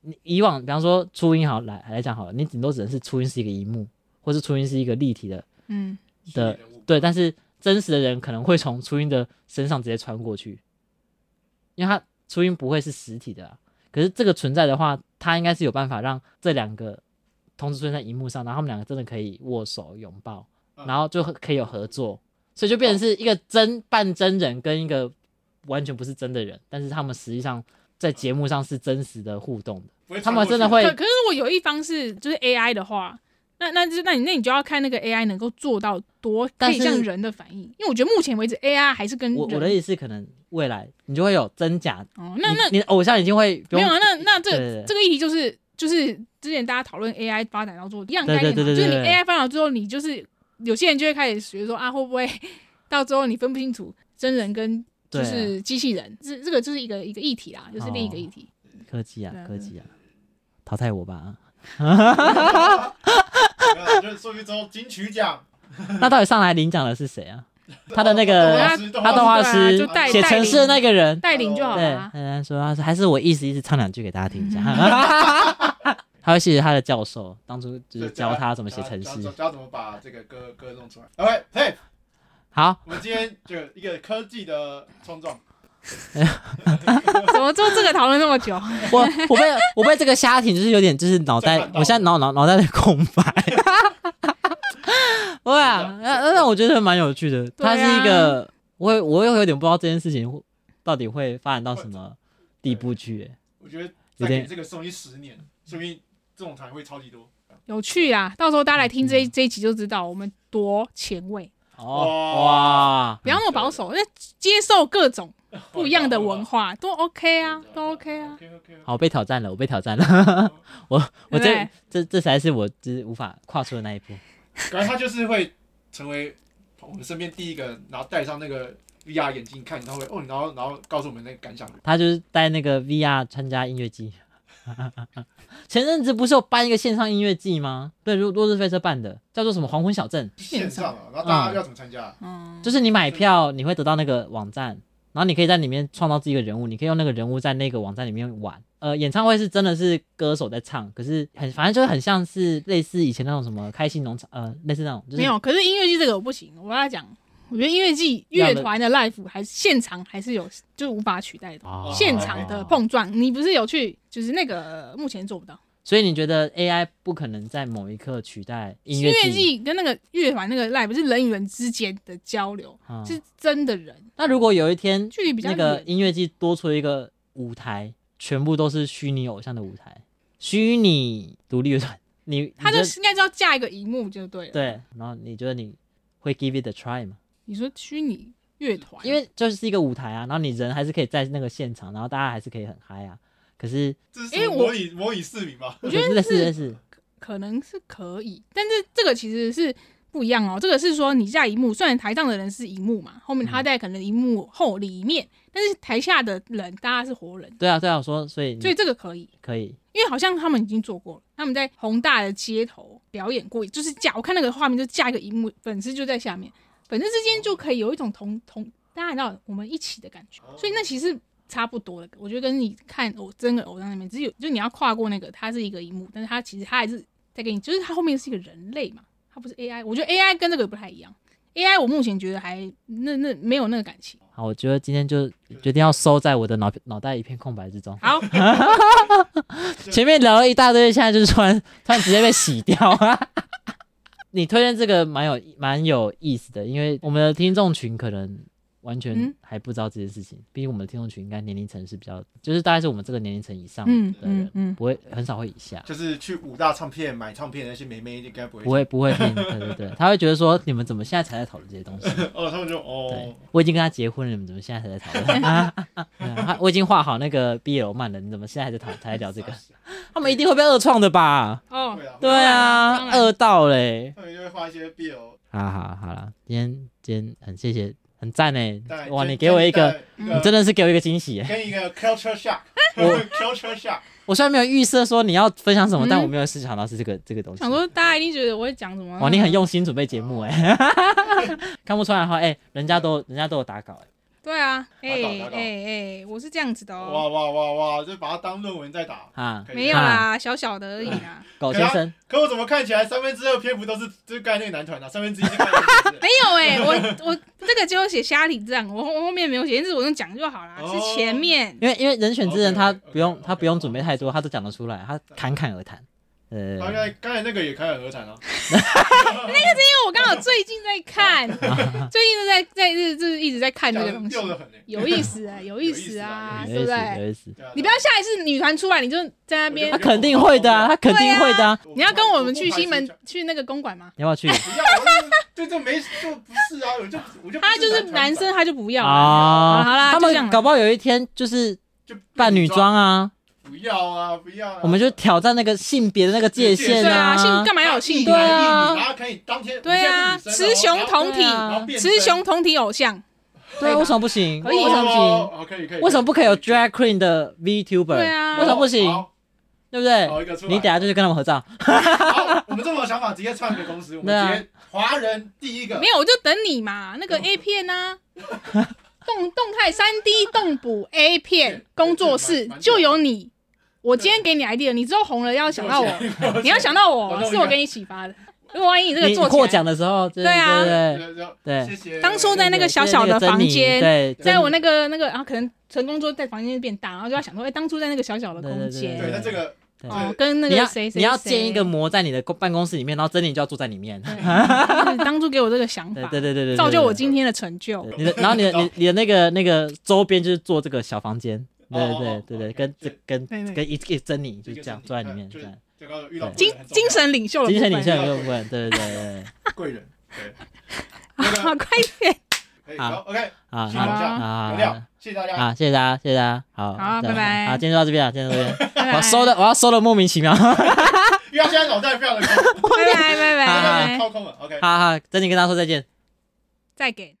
你以往比方說初音好來來講好了，你頂多只能是初音是一個熒幕，或是初音是一個立體的，嗯的對，但是真實的人可能會從初音的身上直接穿過去，因為他初音不會是實體的，啊，可是這個存在的話，他應該是有辦法讓這兩個同時出現在熒幕上，然後他們兩個真的可以握手擁抱，然後就可以有合作，所以就變成是一個真半真人跟一個。完全不是真的人，但是他們實際上在節目上是真實的互動的，他們真的會。可是如果有一方是就是 AI 的話，那那那那你那你就要看那個 AI 能夠做到多可以像人的反應，因為我覺得目前為止 AI 還是跟我，我的意思可能未來你就會有真假哦。那那你的偶像已經會不用沒有、啊？那那這對對對，這個議題就是就是之前大家討論 AI 發展到做後，樣概念就是你 AI 發展之後，你就是有些人就會開始學說啊，會不會到最後你分不清楚真人跟。就是機器人，這、啊、這個就是一個一個議題啦、哦，就是另一個議題。科技啊，科技啊，淘汰我吧！哈哈哈哈哈。哈哈哈哈哈哈哈那到底上來領獎的是誰啊？ 他的那個他、哦、動畫師寫程式的那個人帶領就好哈哈他哈還是我意思意思唱兩句給大家聽一下。嗯、 他會謝謝他的教授，當初就是教他怎麼寫程式哈哈哈哈哈哈哈哈哈哈哈哈哈哈哈好，我們今天就一個科技的衝撞。 怎麼做這個討論那麼久？ 我我被我被這個蝦挺，就是有點就是腦袋，我現在腦腦腦袋有點空白。哇、 啊，那那我覺得蠻有趣的、啊。它是一個，我我有點不知道這件事情到底會發展到什麼地步去、欸。我覺得有點這個送一十年，說不定這種台會超級多。有趣啊！到時候大家來聽這一、嗯、這一集就知道我們多前衛。哦哇，哇！不要那麼保守，要接受各種不一樣的文化，都 OK 啊，都 OK 啊。OK, OK, OK。好，我被挑戰了，我被挑戰了。 我我這對對這這才是我就是無法跨出的那一步。感覺他就是會成為我們身邊第一個，然後戴上那個 VR 眼鏡看，他會哦，然後、哦、然後、然後告訴我們那個感想。他就是戴那個 VR 參加音樂節。 前陣子不是有辦一個線上音樂季嗎？對，如《落日飛車》辦的，叫做什麼黃昏小鎮。線上啊，要怎麼參加？就是你買票，你會得到那個網站，然後你可以在裡面創造自己的人物，你可以用那個人物在那個網站裡面玩。呃，演唱會是真的是歌手在唱，可是很反正就是很像是類似以前那種什麼開心農場，呃，類似那種。就是、沒有，可是音樂劇這個我不行，我要講。我覺得音樂祭樂團的 live 還是現場還是有，就是無法取代的現場的碰撞。你不是有去，就是那個目前做不到，所以你覺得 AI 不可能在某一刻取代音樂祭跟那個樂團那個 live，是人與人之間的交流，是真的人。那如果有一天，那個音樂祭多出一個舞台，全部都是虛擬偶像的舞台，虛擬獨立樂團，你他就應該就要架一個熒幕就對了。對，然後你覺得你會 give it a try 嗎？你說虛擬樂團，因為就是一個舞台啊，然後你人還是可以在那個現場，然後大家還是可以很嗨啊。可是，這是模擬模擬市民吧？我覺得是，個 是，是，是，是，可能是可以。但是這個其實是不一樣哦。這個是說你架螢幕，雖然台上的人是螢幕嘛，後面他在可能螢幕後裡面、嗯，但是台下的人大家是活人。對啊，對啊，我說，所以，所以這個可以，可以，因為好像他們已經做過了，他們在宏大的街頭表演過，就是架，我看那個畫面就架一個螢幕，粉絲就在下面。粉絲之間就可以有一種同同，大家知道我們一起的感覺，所以那其實差不多的。我覺得跟你看偶、哦、真的偶像、哦、那邊，只有就你要跨過那個，它是一個熒幕，但是它其實它還是在給你，就是它後面是一個人類嘛，它不是 AI。我覺得 AI 跟這個不太一樣，AI 我目前覺得還那那沒有那個感情。好，我覺得今天就決定要收在我的腦袋、腦袋一片空白之中。好， 前面聊了一大堆，現在就突然突然直接被洗掉哈。 你推薦這個蠻有蠻有意思的，因為我們的聽眾群可能。完全還不知道這件事情，畢、嗯、竟我們的聽眾群應該年齡層是比較，就是大概是我們這個年齡層以上的人，嗯嗯嗯、不會很少會以下。就是去五大唱片買唱片那些妹妹應該不,不會。不會不會聽，對對對， 他會覺得說你們怎麼現在才在討論這些東西？哦，他們就哦，我已經跟他結婚了，你們怎麼現在才在討論、 啊啊？我已經畫好那個 b l 漫了，你怎麼現在還在討還 在聊這個？ 他們一定會被二創的吧？哦，對啊，嗯、二到嘞，他們就會畫一些 BL 好啦好啦好了，今天今天很謝謝。很贊哎、欸，哇！你給我一個、嗯，你真的是給我一個驚喜、欸，跟一個 culture shock， 我 culture shock。我雖然沒有預設說你要分享什麼， 但我沒有思想到是這個 這個東西。想說大家一定覺得我會講什麼、啊？哇，你很用心準備節目哎、欸， 看不出來哈哎、欸，人家都 人家都有打稿哎、欸。對啊，哎哎哎，我是這樣子的哦，哇哇哇哇，就把它當論文在打啊，沒有啦，小小的而已啦。搞、啊、先生可，可我怎麼看起來三分之二篇幅都是就是關於那個男團吶、啊，三分之一是，是 沒有哎、欸，我我這個就寫蝦體這樣， 我我後面沒有寫，但是我用講就好啦、哦。是前面。因為因為人選之人他不用、哦、okay, okay, okay, okay, okay, 他不用準備太多，他都講得出來，他侃侃而談。呃、嗯，剛才剛才那個也開了合談哦。 那個是因為我剛好最近在看， 最近都在在，在，在就是一直在看這個東西，欸，有意思哎、欸，有意思啊，對、啊、不對？你不要下一次女團出來，你就在那邊。他肯定會的啊，他肯定會的、啊啊。你要跟我們去西門去那個公館嗎？你要不要去？不要，對，就沒就不是啊，我就我就。他就是男生，他就不要啊好。好啦，他們搞不好有一天就是扮女裝啊。不要啊！不要啊！啊我們就挑戰那個性別的那個界限啊，啊！性幹嘛要有性？對啊，對啊，雌雄同體啊，啊、喔雌雄同體啊，雌雄同體偶像，對、啊，為什麼不行？為什麼不行？可以，為什麼不可以有 drag queen 的 VTuber？對啊，為什麼不行？對不對？好，一個出來，你等下就去跟他們合照。啊、 好，我們這麼有想法，直接創個公司、啊。我們直接華人第一個，啊、沒有，我就等你嘛。那個 A 片啊，動動態三 D 動捕 A 片工作室就有你。我今天給你 idea 了，你之後紅了要想到我，你要想到我、嗯、是我給你啟發的。因、嗯、為萬一你這個做……獲獎的時候，對，對啊對對對對對對，對，當初在那個小小的房間，在我那個那個，然、啊、後可能成功之後，在房間變大，然後就要想說，哎、欸，當初在那個小小的空間。對，對，對，對，對，那這個哦，跟那個誰誰誰你，要你要建一個模在你的辦公室裡面，然後珍妮就要住在裡面。你當初給我這個想法， 對，對，對，對對對對，造就我今天的成就對對對對對對。你的，然後你的，你你的那個那個周邊就是做這個小房間。對對對,哦哦哦對對對，跟跟跟一一個珍妮就這樣一坐在裡面，對，精精神領袖，精神領袖不用問，對對對 對,對,對，貴人，啊，關係，好，OK，啊，好、啊，好，謝謝大家，啊，謝謝啊,啊，謝謝啊，好好，拜拜、啊啊，好，今天就到這邊了，今天到這邊，我收的，我要收的莫名其妙， 因為現在腦袋非常的空，拜 拜， 拜拜，掏空了，OK，好好，珍妮跟他說再見，再給。